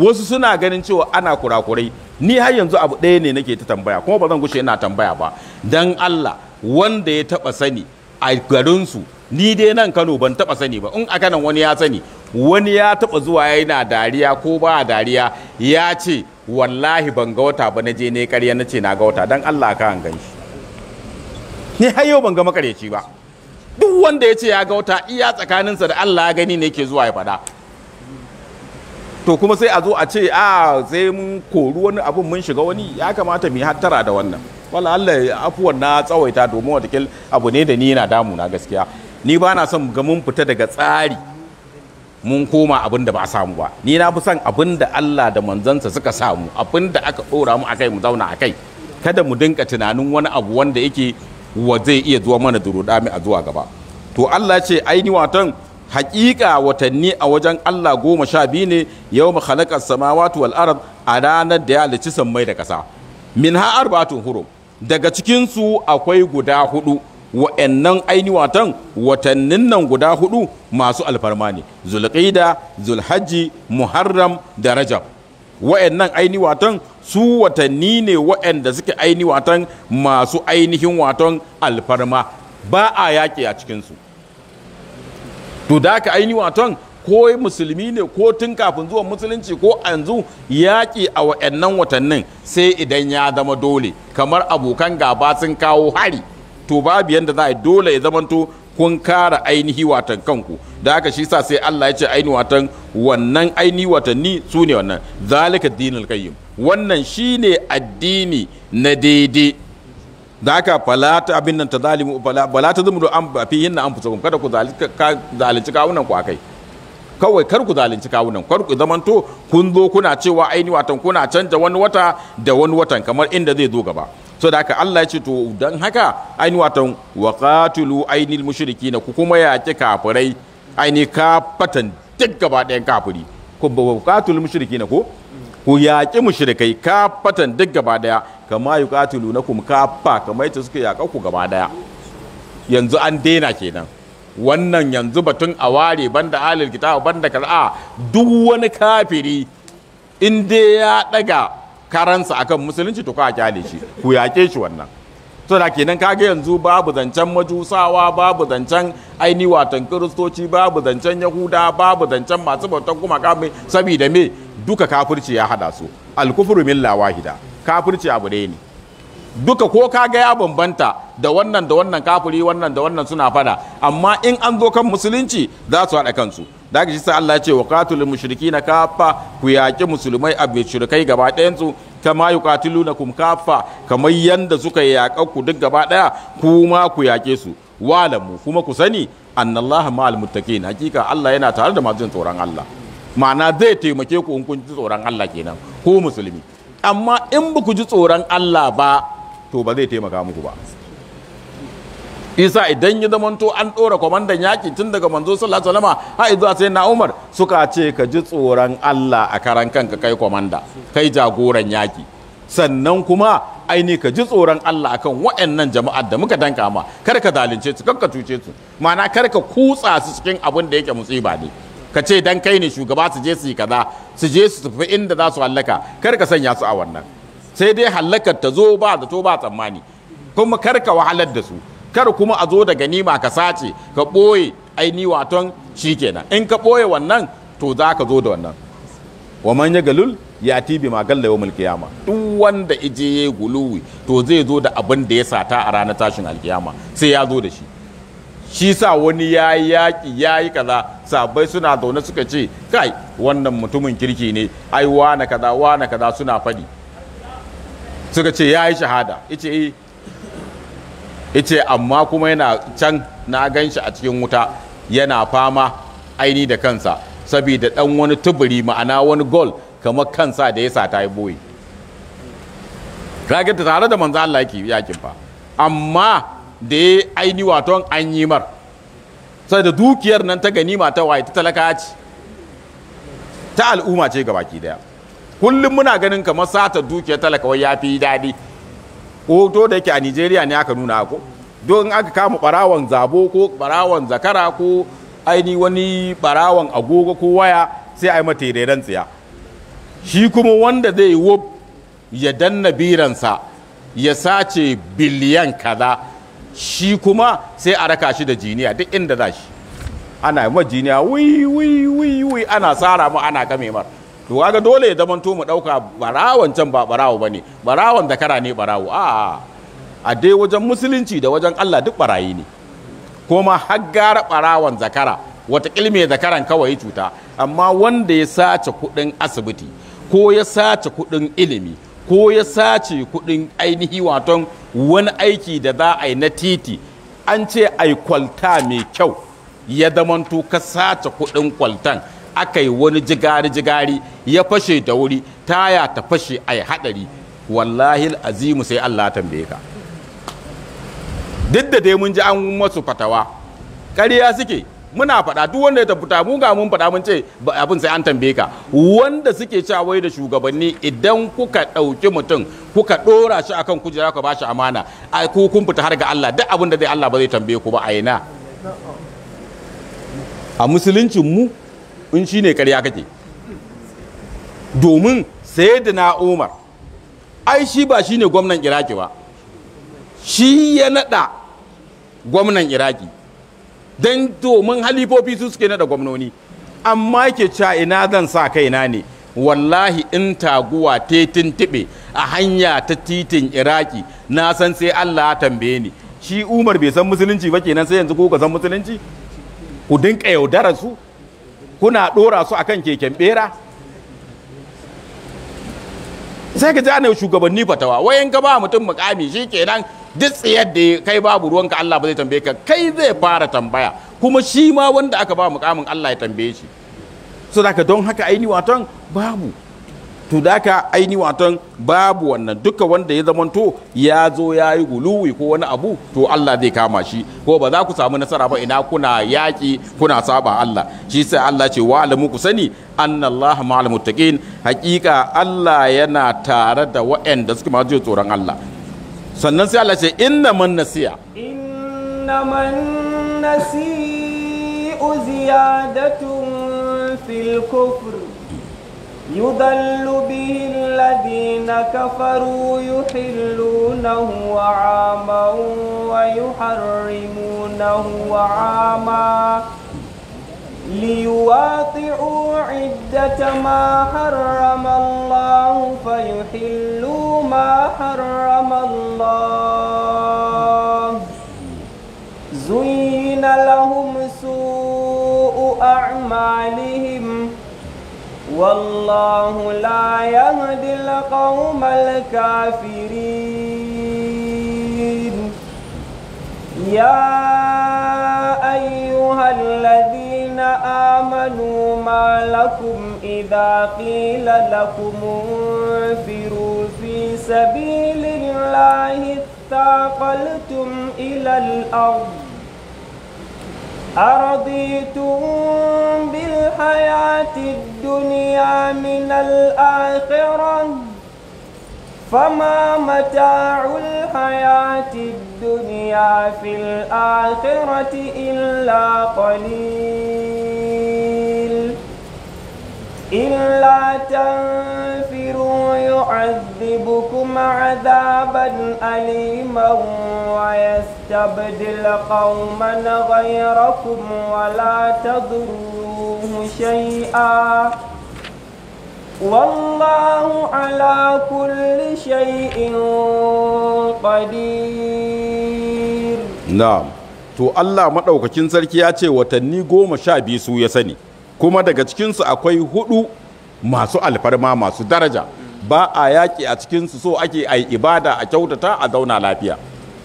wasu suna ganin cewa ana kurakurai ni har yanzu abu ɗaya ne nake ta tambaya kuma ba zan gushe ina tambaya ba dan Allah wanda ya taɓa sani a garinsu ni dai nan Kano ban taba sani ba in a nan wani ya sani wani ya taba zuwa yana dariya ko ba dariya ya ce wallahi ban ga wata ba na je ne ƙarya na ce na ga wata dan Allah ka an ganshi ni har yau ban ga makaryaci ba duk wanda ya ce ya ga wata iya tsakaninsa da Allah ya gani ne ke zuwa ya faɗa to kuma sai a zo a ce a sai mun kori wani abun mun shiga wani ya kamata mu yi hattara da wannan wala Allah afuwan na tsawaita domin watakil abu ne da ni yana na gaskiya ni ba na son ga mun fita daga tsari mun koma abin da ba samu ba ni na fi son abin da Allah da manzansa suka samu abin da aka ɗora mu akai mu zauna akai kada mu dinka tunanin wani abu wanda yake wa zai iya zuwa mana dami a zuwa gaba to Allah ce aini watan hakika watanni a wajen Allah goma sha biyu ne yau mu halakar samawati wal ard a ranar da ya halicci sammai da kasa min ha arbatun hurum daga su akwai guda hudu wa'annan ainiwatan watannin nan guda hudu masu alfarma ne zulqaida zulhajji muharram da rajab wa'annan watan su watanni ne wa'anda suke watan masu ainihin watan alfarma ba a yaƙi a cikinsu to da ka watan ko musulmi ne ko tun kafin zuwa musulunci ko yanzu yaƙi a wa'annan watannin sai idan ya zama dole kamar abokan gaba sun kawo hari to babu yanda za a dole ya zamanto kun kara ainihi watan kanku da haka shi sa sai Allah ya ce ainihi watan wannan ainihi watanni su ne wannan zalika dinul kayyum wannan shine addini na daidai da haka falata abin nan ta zalimu bala ta zumu an fi yin na an fusa kada ku zalunci kawunan ku akai kawai kar ku zalunci kawunan kar ku zamanto kun zo kuna cewa ainihi watan kuna canja wani wata da wani watan kamar inda zai zo gaba so da haka Allah ya ce to dan haka aini watan wa aini ainil mushrikin ku kuma yaƙi kafirai aini kafatan duk gaba ɗayan kafiri ku qatulu mushrikin ko ku yaƙi mushrikai kafatan duk gaba ɗaya kama yuqatilu nakum kafa kamar yadda suka yaƙa ku gaba ɗaya yanzu an daina kenan wannan yanzu batun a ware banda alil kitab banda kar'a duk wani kafiri in dai ya daga karansa akan musulunci to ka kyale shi ku yake shi wannan to da kenan kage yanzu babu zancen majusawa babu zancen aini watan kiristoci babu zancen yahuda babu zancen masu bautan kuma mai saboda me duka kafirci ya hada su alkufru milla wahida kafirci abu ne duka ko ka ga ya bambanta da wannan da wannan kafuri wannan da wannan suna fada amma in an zo kan musulunci za su haɗa kansu da shi sa Allah ya ce wa qatilul mushrikina kafa ku yaƙi musulmai a shirkai gaba ɗayan su kama yuqatilunakum kafa kamar yanda suka yaƙa ku duk gaba ɗaya kuma ku yaƙe su walamu kuma ku sani annallaha ma'al muttaqin hakika Allah yana tare da masu tsoron Allah ma'ana zai taimake ku in kun ji tsoron Allah kenan ko musulmi amma in ba ku ji tsoron Allah ba to ba zai taimaka muku ba isa idan ya zamanto an ɗora kwamandan yaƙi tun daga manzo sallallahu alaihi wasallam har zuwa sai na umar suka ce ka ji tsoron allah a karan kanka kai kwamanda kai jagoran yaƙi sannan kuma aini ka ji tsoron allah akan waɗannan jama'ar da muka danka ma kar ka zalunce su kar ka cuce su ma'ana kar ka kutsa su cikin abin da yake musiba ne ka ce dan kai ne shugaba su je su yi kaza su je su tafi inda za su hallaka kar ka sanya su a wannan sai dai hallakar ta zo ba da to ba tsammani kuma kar ka wahalar da su kar kuma a zo da ganima ka sace ka ɓoye aini waton kenan in ka ɓoye wannan to za ka zo da wannan wa man ya galul ya tibi ma galla yawmul kiyama duk wanda ije ya guluwi to zai zo da abin da ya sata a ranar tashin alkiyama sai ya zo da shi shi sa wani ya yi yaƙi ya yi kaza sabai suna zaune suka ce kai wannan mutumin kirki ne ai wane kaza wane kaza suna faɗi suka ce ya yi shahada ice yi eh. ice amma kuma yana can na gan shi a cikin wuta yana fama aini da kansa saboda dan wani tuburi ma'ana wani gol kamar kansa da ya sa ta yi boye kaga ta tare da manzo Allah yake yakin fa amma da ya aini waton an yi mar sai da dukiyar nan ta ganima ta waye ta talaka ce ta al'umma ce gabaki daya kullum muna ganin kamar sata dukiya talaka wai ya fi daɗi hoto da yake a nigeria ne aka nuna ko don aka kama barawon zabo ko barawon zakara ko aini wani barawon agogo ko waya sai a yi mata tsiya shi kuma wanda zai wub ya danna biransa ya sace biliyan kaza shi kuma sai a raka shi da jiniya duk inda za shi ana yi ma jiniya ana tsara mu ana game mara to kaga dole ya zamanto mu ɗauka barawon can ba barawo bane barawan da kara ne barawo a a dai wajen musulunci da wajen Allah duk barayi ne kuma har gara barawan zakara wata kilme zakaran kawai cuta amma wanda ya sace kudin asibiti ko ya sace kudin ilimi ko ya sace kudin ainihi waton wani aiki da za a yi na titi an ce ai kwalta mai kyau ya zamanto ka sace kudin kwaltan aka yi wani jigari-jigari ya fashe da wuri taya ta fashe a yi haɗari wallahi azimu sai Allah tambaye ka duk da dai mun ji an masu fatawa ƙarya suke muna faɗa duk wanda ya tabbata mu ga mun faɗa mun ce abin sai an tambaye ka wanda suke cewa wai da shugabanni idan kuka ɗauki mutum kuka ɗora shi akan kujera ka bashi amana a kun fita har ga Allah duk abin da dai Allah ba zai tambaye ku ba a ina a musuluncin mu in shi ne karya kake domin da na umar ai shi ba shi ne gwamnan iraki ba shi ya nada gwamnan iraki don domin halifofi su suke nada gwamnoni amma ke ca ina zan sa kaina ne wallahi in taguwa ta tibe a hanya ta titin iraki na san sai allah ya tambaye ni shi umar bai san musulunci ba kenan sai yanzu ko ka san musulunci ku dinka yaudarar su kuna ɗora su akan keken bera sai ka jane shugabanni fatawa wayan ka ba mutum mukami shi kenan duk tsayar da kai babu ruwanka Allah ba zai tambaye ka kai zai fara tambaya kuma shi ma wanda aka ba mukamin Allah ya tambaye shi so don haka aini waton babu to daka aini watan babu wannan duka wanda ya zamanto ya zo ya yi guluwi ko wani abu to Allah zai kama shi ko ba za ku samu nasara ba ina kuna yaki kuna saba Allah shi sai Allah ce wa alamu ku sani anna Allah ma'al muttaqin hakika Allah yana tare da waɗanda suke ma tsoron Allah sannan sai Allah ce inna man nasiya inna man nasi'u ziyadatun fil kufr يضل به الذين كفروا يحلونه عاما ويحرمونه عاما ليواطئوا عدة ما حرم الله فيحلوا ما حرم الله زين لهم سوء أعمالهم والله لا يهدي القوم الكافرين يا أيها الذين آمنوا ما لكم إذا قيل لكم انفروا في سبيل الله اثاقلتم إلى الأرض أرضيتم بالحياة الدنيا من الآخرة فما متاع الحياة الدنيا في الآخرة إلا قليل In la tanfi roƙi aziɓu, kuma azabar alimarwa ya tabbatar da ƙaunar hanyar, raƙumma ta Wallahu ala kuli shai in ƙadir. to Allah maɗaukakin Sarki ya ce, watanni goma sha biyu su ya sani. kuma daga cikinsu akwai hudu masu alfarma masu daraja ba a yaƙi a cikinsu so ake a ibada a kyautata a zauna lafiya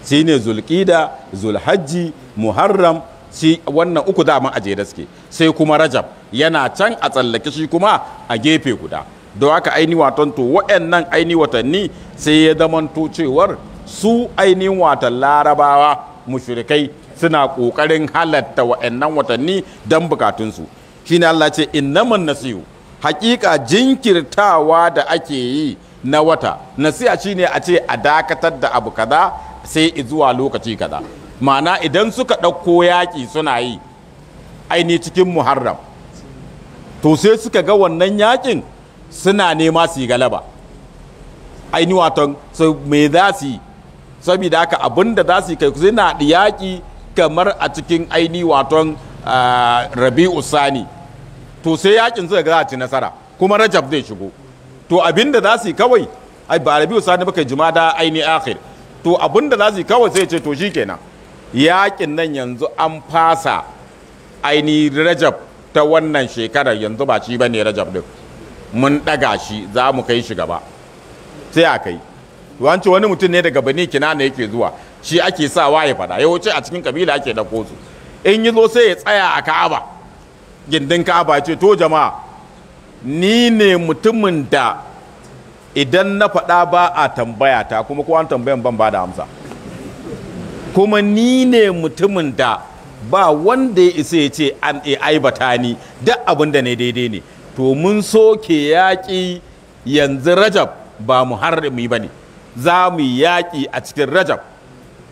shi ne zulƙida zulhajji muharram shi wannan uku dama a jere suke sai kuma rajab yana can a tsallake shi kuma a gefe guda don haka aini watan to waɗannan aini watanni sai ya zamanto cewar su ainihin watan larabawa mushrikai suna ƙoƙarin halatta waɗannan watanni don bukatunsu shine Allah ce innaman nasihu hakika jinkirtawa da ake yi na wata nasiha shine a ce a dakatar da abu kaza sai zuwa lokaci kaza ma'ana idan suka ɗauko yaƙi suna yi aini cikin muharram to sai suka ga wannan yaƙin suna nema su yi galaba aini waton su me za su yi saboda haka abin da za su yi kai suna yaƙi kamar a cikin aini waton rabi'u sani to sai yakin zai ga ci nasara kuma rajab zai shigo to abinda za su yi kawai ai ba rabi'u sani baka da aini akhir to abinda za su yi kawai sai ce to shi kenan yakin nan yanzu an fasa aini rajab ta wannan shekarar yanzu ba shi bane rajab din mun daga shi za mu kai shi gaba sai a kai wancan wani mutum ne daga bani kinana yake zuwa shi ake sawa ya fada yawanci a cikin kabila ake dako su in yi zo sai ya tsaya a ka'aba gindin ka'aba ce to jama'a ni ne mutumin da idan na faɗa ba a tambaya ta kuma an tambayan ban ba da amsa kuma ni ne mutumin da ba wanda ya isa ya ce an aibata ni duk abin da ne daidai ne to mun soke yaƙi yanzu rajab ba mu yi ba ne za mu yaƙi a cikin rajab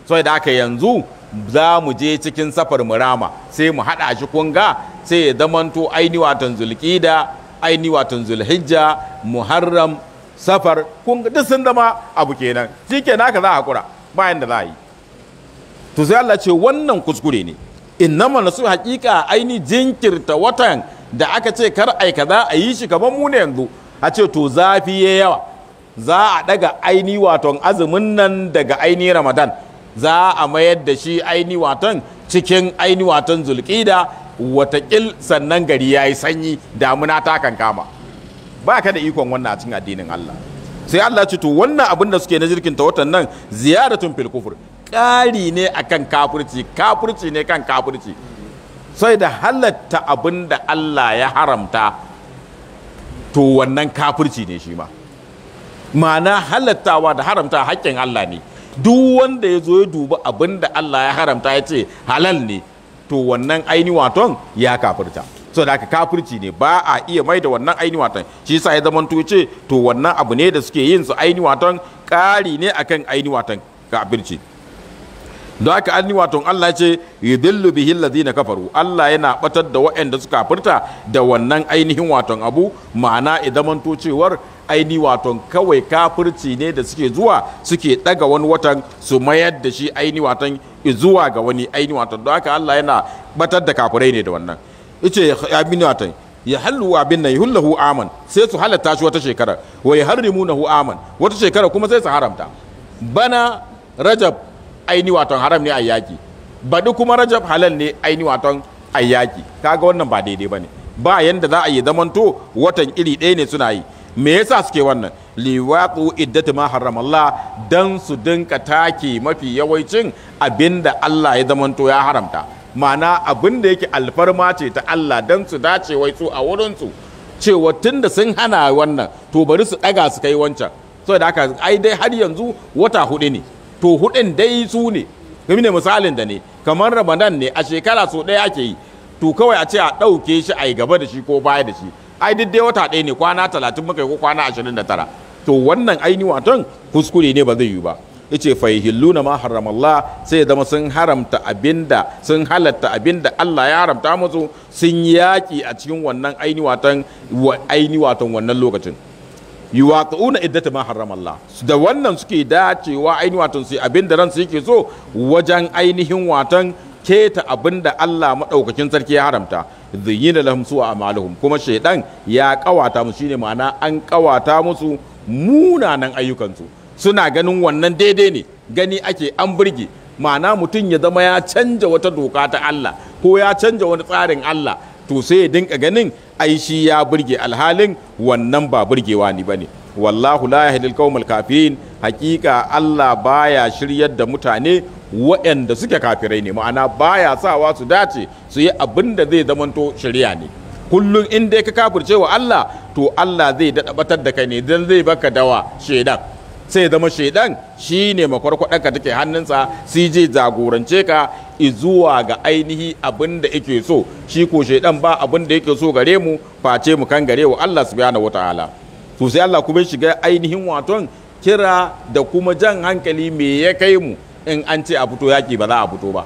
sai da aka yanzu za mu je cikin safar murama sai mu haɗa shi kunga sai ya zamanto aini watan zulkida aini watan zulhijja muharram safar kunga duk sun zama abu kenan shi ke naka za a hakura bayan da za a yi to sai Allah ce wannan kuskure ne innama nasu hakika aini jinkirta watan da aka ce kar ai kaza a yi shi kamar mu ne yanzu a ce to zafi ya yawa za a daga aini waton azumin nan daga aini ramadan za a mayar da shi aini watan cikin aini watan da watakil sannan gari ya yi sanyi damuna ta kan kama ba ka da ikon wannan a cikin addinin Allah sai Allah ce to wannan abin da suke na jirkin ta watan nan ziyaratun fil kufur ƙari ne akan kafirci kafirci ne kan kafirci sai da halatta abin da Allah ya haramta to wannan kafirci ne shi ma ma'ana halattawa da haramta haƙƙin Allah ne duk wanda ya zo ya dubi abin da Allah ya haramta ya ce halal ne to wannan aini waton ya kafirta so da haka kafirci ne ba a iya mai da wannan aini waton shi sa ya to ce to wannan abu ne da suke yin su aini waton ƙari ne akan aini waton kafirci da haka aini waton Allah ce yudillu bihi ladina kafaru Allah yana batar da waɗanda suka kafirta da wannan ainihin waton abu ma'ana idan to cewar aini waton kawai kafirci ne da suke zuwa suke daga wani watan su mayar da shi aini watan zuwa ga wani aini watan don haka Allah yana batar da kafirai ne da wannan yace aini watan ya hallu abin nan yahullahu aman sai su halatta shi wata shekara wa yaharrimunahu aman wata shekara kuma sai su haramta bana rajab aini watan haram ne a yaki Badi kuma rajab halal ne aini watan a yaki kaga wannan ba daidai bane ba yanda za a yi zamanto watan iri ɗaya ne suna yi me yasa suke wannan liwatu iddatu ma harrama Allah dan su dinka take mafi yawancin abinda Allah ya zamanto ya haramta ma'ana abin da yake alfarma ce ta Allah dan su dace wai su a wurin su cewa tunda sun hana wannan to bari su daga su kai wancan saboda haka ai dai har yanzu wata hudu ne to hudun dai su ne ne misalin da ne kamar Ramadan ne a shekara so ɗaya ake yi to kawai a ce a ɗauke shi a yi gaba da shi ko baya da shi ai duk dai wata ɗaya ne kwana talatin muka yi ko kwana ashirin da tara to wannan aini watan kuskure ne ba zai yiwu ba ya ce fahillu na ma Allah sai ya zama sun haramta abinda sun halatta abinda Allah ya haramta musu sun yaƙi a cikin wannan aini watan aini watan wannan lokacin yuwaquna iddata ma Allah da wannan suke dacewa aini watan su abinda ran su yake so wajen ainihin watan keta abinda Allah maɗaukakin sarki ya haramta zuyina lahum su'a amaluhum kuma shaydan ya kawata musu shine ma'ana an kawata musu munanan ayyukansu suna ganin wannan daidai ne gani ake an burge ma'ana mutum ya zama ya canja wata doka ta Allah ko ya canja wani tsarin Allah to sai ya dinka ganin ai shi ya burge alhalin wannan ba burgewa ne bane wallahu la yahdil qaumal kafirin hakika Allah baya shiryar da mutane waɗanda suke kafirai ne ma'ana baya sawa su dace su yi abin da zai zamanto shari'a ne kullum in dai ka kafirce wa Allah to Allah zai daɗa batar da kai ne dan zai baka dawa shaidan sai zama shaidan shi ne ka take hannunsa sai je jagorance ka zuwa ga ainihi abin da yake so shi ko shaidan ba abin da yake so gare mu face mu kan gare wa Allah subhanahu wataala to sai Allah kuma shiga ainihin waton kira da kuma jan hankali me ya kai mu in an ce a fito yaƙi ba za a fito ba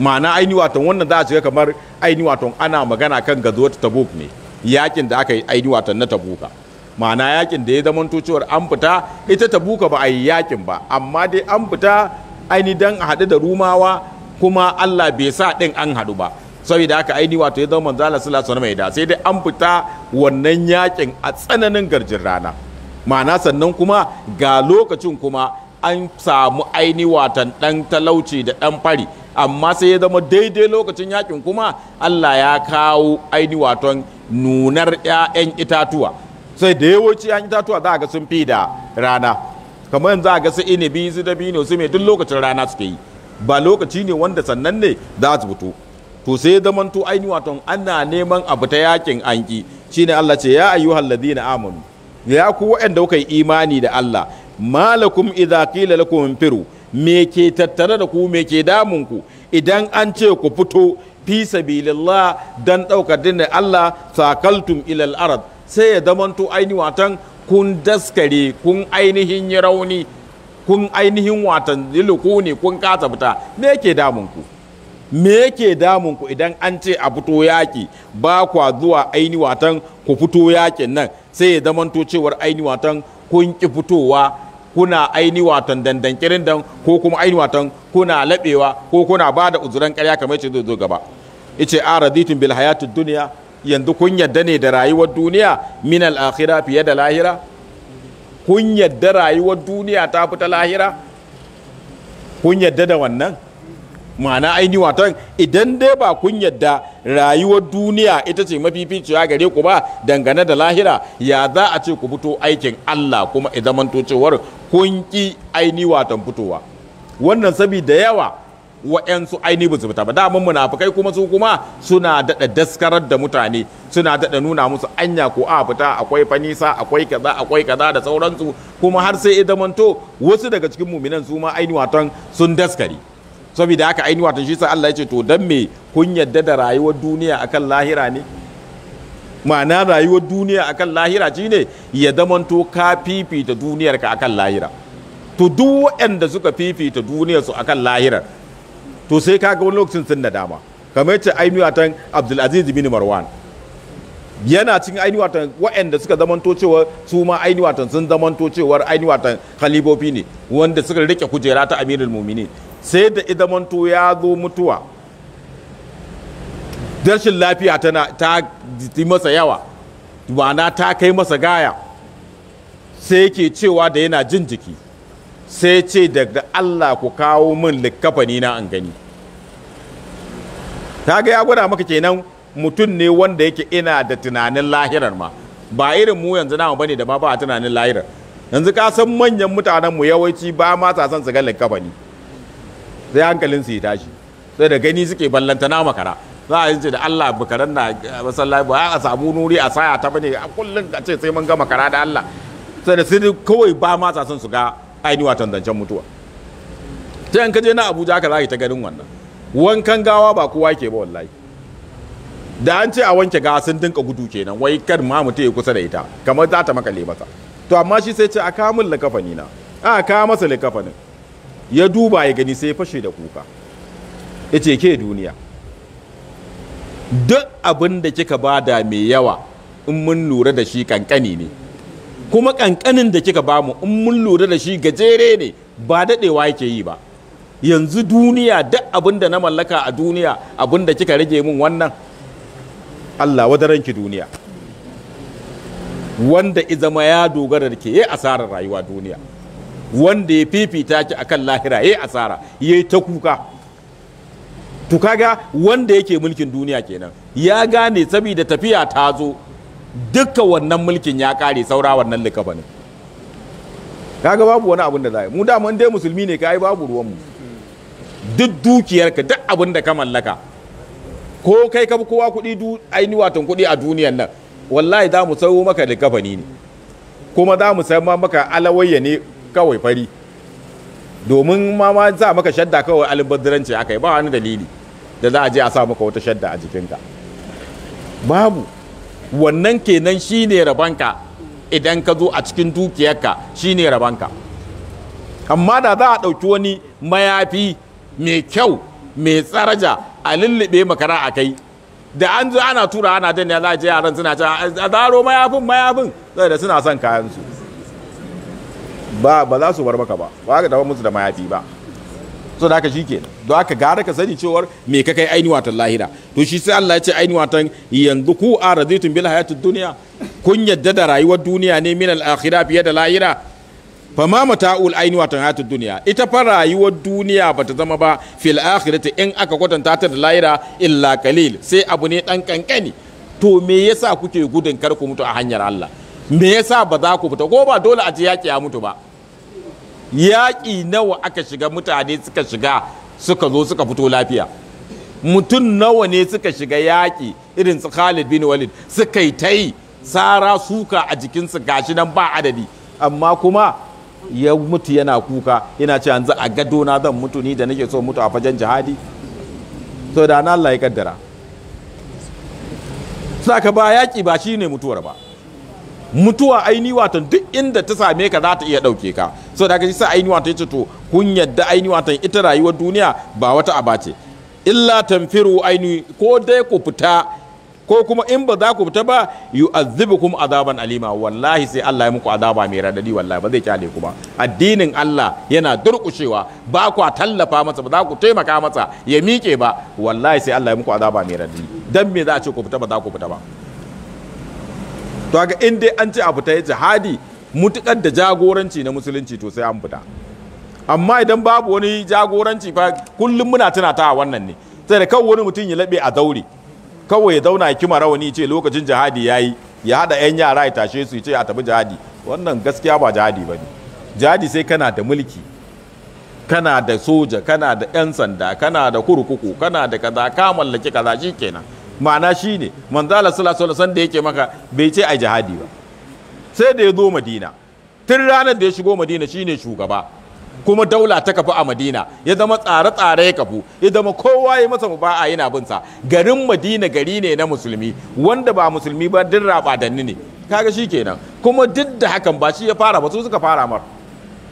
ma'ana aini waton wannan za a shiga kamar aini waton ana magana kan gazuwa ta tabuk ne yakin da aka yi aini waton na tabuka ma'ana yakin da ya zama cewar an fita ita tabuka ba a yi yakin ba amma dai an fita aini dan a haɗu da rumawa kuma allah bai sa ɗin an haɗu ba saboda haka aini wato ya zama manzala sana mai da, sai dai an fita wannan yakin a tsananin garjin rana ma'ana sannan kuma ga lokacin kuma an samu aini watan ɗan talauci da ɗan fari amma sai ya zama daidai lokacin yakin kuma Allah ya kawo aini watan nunar 'ya'yan itatuwa sai da yawanci 'ya'yan itatuwa za a ga sun fi da rana kamar za a ga su inibi su da ne su mai duk lokacin rana suke yi ba lokaci ne wanda sannan ne za su fito to sai zamanto aini watan ana neman abu ta yakin anki shine Allah ce ya ayyuhal ladina amanu ya ku waɗanda kuka yi imani da Allah malakum idza qila lakum firu me ke tattare da ku me ke damun ku idan an ce ku fito fi sabilillah dan daukar da Allah sakaltum ilal ard sai ya zamanto aini watan kun daskare kun ainihin yi rauni kun ainihin watan liluku ne kun kasa fita me yake damun ku me yake damun ku idan an ce a fito yaki ba kwa zuwa aini watan ku fito yakin nan sai ya zamanto cewar aini watan kun ki fitowa kuna aini watan dandankirin dan ko kuma aini watan kuna labewa ko kuna ba da uzuran ƙarya kamar yace zai zo gaba yace a raditun bil hayatud duniya yanzu kun yadda ne da rayuwar duniya min al akhirah fiye da lahira kun yadda rayuwar duniya ta fita lahira kun yadda da wannan ma'ana aini watan idan dai ba kun yadda rayuwar duniya ita ce mafificiya gare ku ba dangane da lahira ya za a ce ku fito aikin Allah kuma idan mantocewar kun ƙi aini watan fitowa wannan da yawa wa'yansu aini ba su fita ba daman munafukai kuma su kuma suna daɗa daskarar da mutane suna daɗa nuna musu anya ko a fita akwai fanisa akwai kaza akwai kaza da sauransu kuma har sai idamanto wasu daga cikin muminan su ma aini watan sun daskari saboda haka aini watan shi sa Allah ya ce to dan me kun yadda da rayuwar duniya akan lahira ne ma'ana rayuwar duniya akan lahira shine ya damanto ka fifita ka akan lahira to duk waɗanda suka fifita su akan lahira to sai ka ga wani lokacin sun dama kamar yace ainihi watan Abdulaziz bin Marwan yana cikin ainihi watan waɗanda suka zamanto cewa su ma ainihi watan sun zamanto cewar ainihi watan khalifofi ne wanda suka rike kujera ta Amirul Mu'minin sai da idamanto ya zo mutuwa rashin lafiya ta yi masa yawa ma'ana ta kai masa gaya sai yake cewa da yana jin jiki sai ce daga Allah ku kawo min likafani na an gani ta ga ya gwada maka kenan mutum ne wanda yake ina da tunanin lahirar ma ba irin mu yanzu namu bane da ba ba tunanin lahirar yanzu ka san manyan mutanen mu yawanci ba ma sa san su ga likkafani sai hankalin su ya tashi sai da gani suke ballanta na makara za a yi ce da Allah bukaran na masallaci ba a samu nuri a saya ta bane a kullum a ce sai mun gama kara da Allah sai da sai kawai ba ma sa son su ga ainihin tantancen mutuwa ta yanka je na Abuja ka za ta ganin wannan wankan gawa ba kowa ke ba wallahi da an ce a wanke gawa sun dinka gudu kenan wai kar ma mutum ya kusa da ita kamar za ta makale masa to amma shi sai ce a kawo min likafani na a kawo masa likafanin ya duba ya gani sai ya fashe da kuka ya ce ke duniya duk abin da kika da mai yawa in mun lura da shi kankani ne kuma kankanin da kika bamu in mun lura da shi gajere ne ba daɗewa yake yi ba yanzu duniya duk abin da na mallaka a duniya abin da kika rage min wannan Allah wadaranki duniya wanda izama ya dogara da ke yi asarar rayuwa duniya wanda ya fifita ki akan lahira ya asara ya yi ta kuka to kaga wanda yake mulkin duniya kenan ya gane saboda tafiya ta zo dukkan wannan mulkin ya kare saura wannan likafa kaga babu wani abin da za mu da mun dai musulmi ne kai babu ruwan mu duk dukiyarka duk abin da ka mallaka ko kai ka kowa kuɗi aini watan kuɗi a duniyar nan wallahi za mu sayo maka likafani ne kuma za mu sayo maka alawayya ne kawai fari domin ma ma za maka shadda kawai albaziranci aka yi ba wani dalili da za a je a sa maka wata shadda a jikinka babu wannan kenan shine rabanka idan ka zo a cikin dukiyarka shine rabanka amma da za a ɗauki wani mayafi mai kyau mai tsaraja a lullube makara a kai da an zo ana tura ana jan ya za a je yaran suna can a zaro mayafin mayafin da suna son kayansu ba ba za su bar maka ba ba ka taɓa musu da mayafi ba so da haka shi ke don haka gara ka sani cewar me ka kai ainihin ta lahira to shi sai Allah ya ce ainihin ta yanzu ku a razitun bil hayatun duniya kun yadda da rayuwar duniya ne min al fiye da lahira fa ma ul ainihin ta hayatun duniya ita fa rayuwar duniya ba ta zama ba fil akhirati in aka kwatanta ta da lahira illa kalil sai abu ne dan kankani to me yasa kuke gudun kar ku mutu a hanyar Allah me yasa ba za ku fita ko ba dole a ji yaki ya mutu ba yaƙi nawa aka shiga mutane suka shiga suka zo suka fito lafiya mutum nawa ne suka shiga yaƙi irin su Khalid bin Walid suka yi ta yi tsara suka a jikinsu gashi nan ba adadi amma kuma ya mutu yana kuka yana ce yanzu a gado na zan mutu ni da nake so mutu a fajen jihadi so da na Allah ya kaddara saka ba yaƙi ba shi ne mutuwar ba mutuwa aini watan duk inda ta same ka za ta iya ɗauke ka so da kaji sa aini watan yace to kun yadda aini watan ita rayuwar duniya ba wata aba ce illa tanfiru aini ko dai ku fita ko kuma in ba za ku fita ba yu'azzibukum azaban alima wallahi sai Allah ya muku azaba mai radadi wallahi ba zai kyale ku ba addinin Allah yana durkushewa ba kwa tallafa masa ba za ku taimaka masa ya miƙe ba wallahi sai Allah ya muku azaba mai radadi dan me za a ce ku fita ba za ku fita ba to haka in dai an ce a fita ya jihadi mutukar da jagoranci na musulunci to sai an fita amma idan babu wani jagoranci fa kullum muna tuna ta wannan ne sai da kawai wani mutum ya labe a daure kawai ya zauna ya kima rawani ce lokacin jihadi yayi ya hada yan yara ya tashe su ya ce a tafi jihadi wannan gaskiya ba jihadi ba ne. jihadi sai kana da mulki kana da soja kana da yan sanda kana da kurkuku kana da kaza ka mallaki kaza kenan. ma'ana shi ne, manzala salasa alaihi da yake maka bai ce a jihadi ba sai da ya zo Madina tun ranar da ya shigo Madina shi ne shugaba kuma daula ta kafu a Madina ya zama tsare-tsare ya kafu ya zama kowa ya masa muba'a yana bin garin Madina gari ne na musulmi wanda ba musulmi ba din rabadanni ne kaga kenan. kuma duk da hakan ba shi ya fara ba su suka fara mar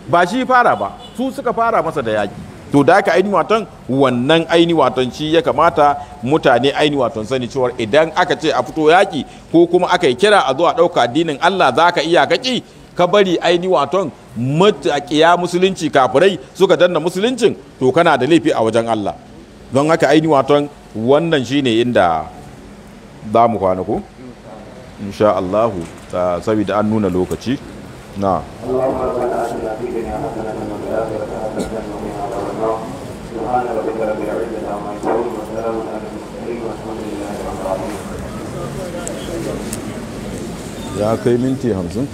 ba shi fara ba su suka fara masa da yaki to da aka aini watan wannan aini watan shi ya kamata mutane aini watan sani cewa idan aka ce a fito yaki ko kuma aka yi kira a zo a ɗauka addinin Allah za ka iya kaki ka bari aini watan matakiya musulunci kafirai suka danna musuluncin to kana da laifi a wajen Allah don haka aini watan wannan shine inda za mu kwana ko insha Allah saboda an nuna lokaci na Ya kai minti hamsin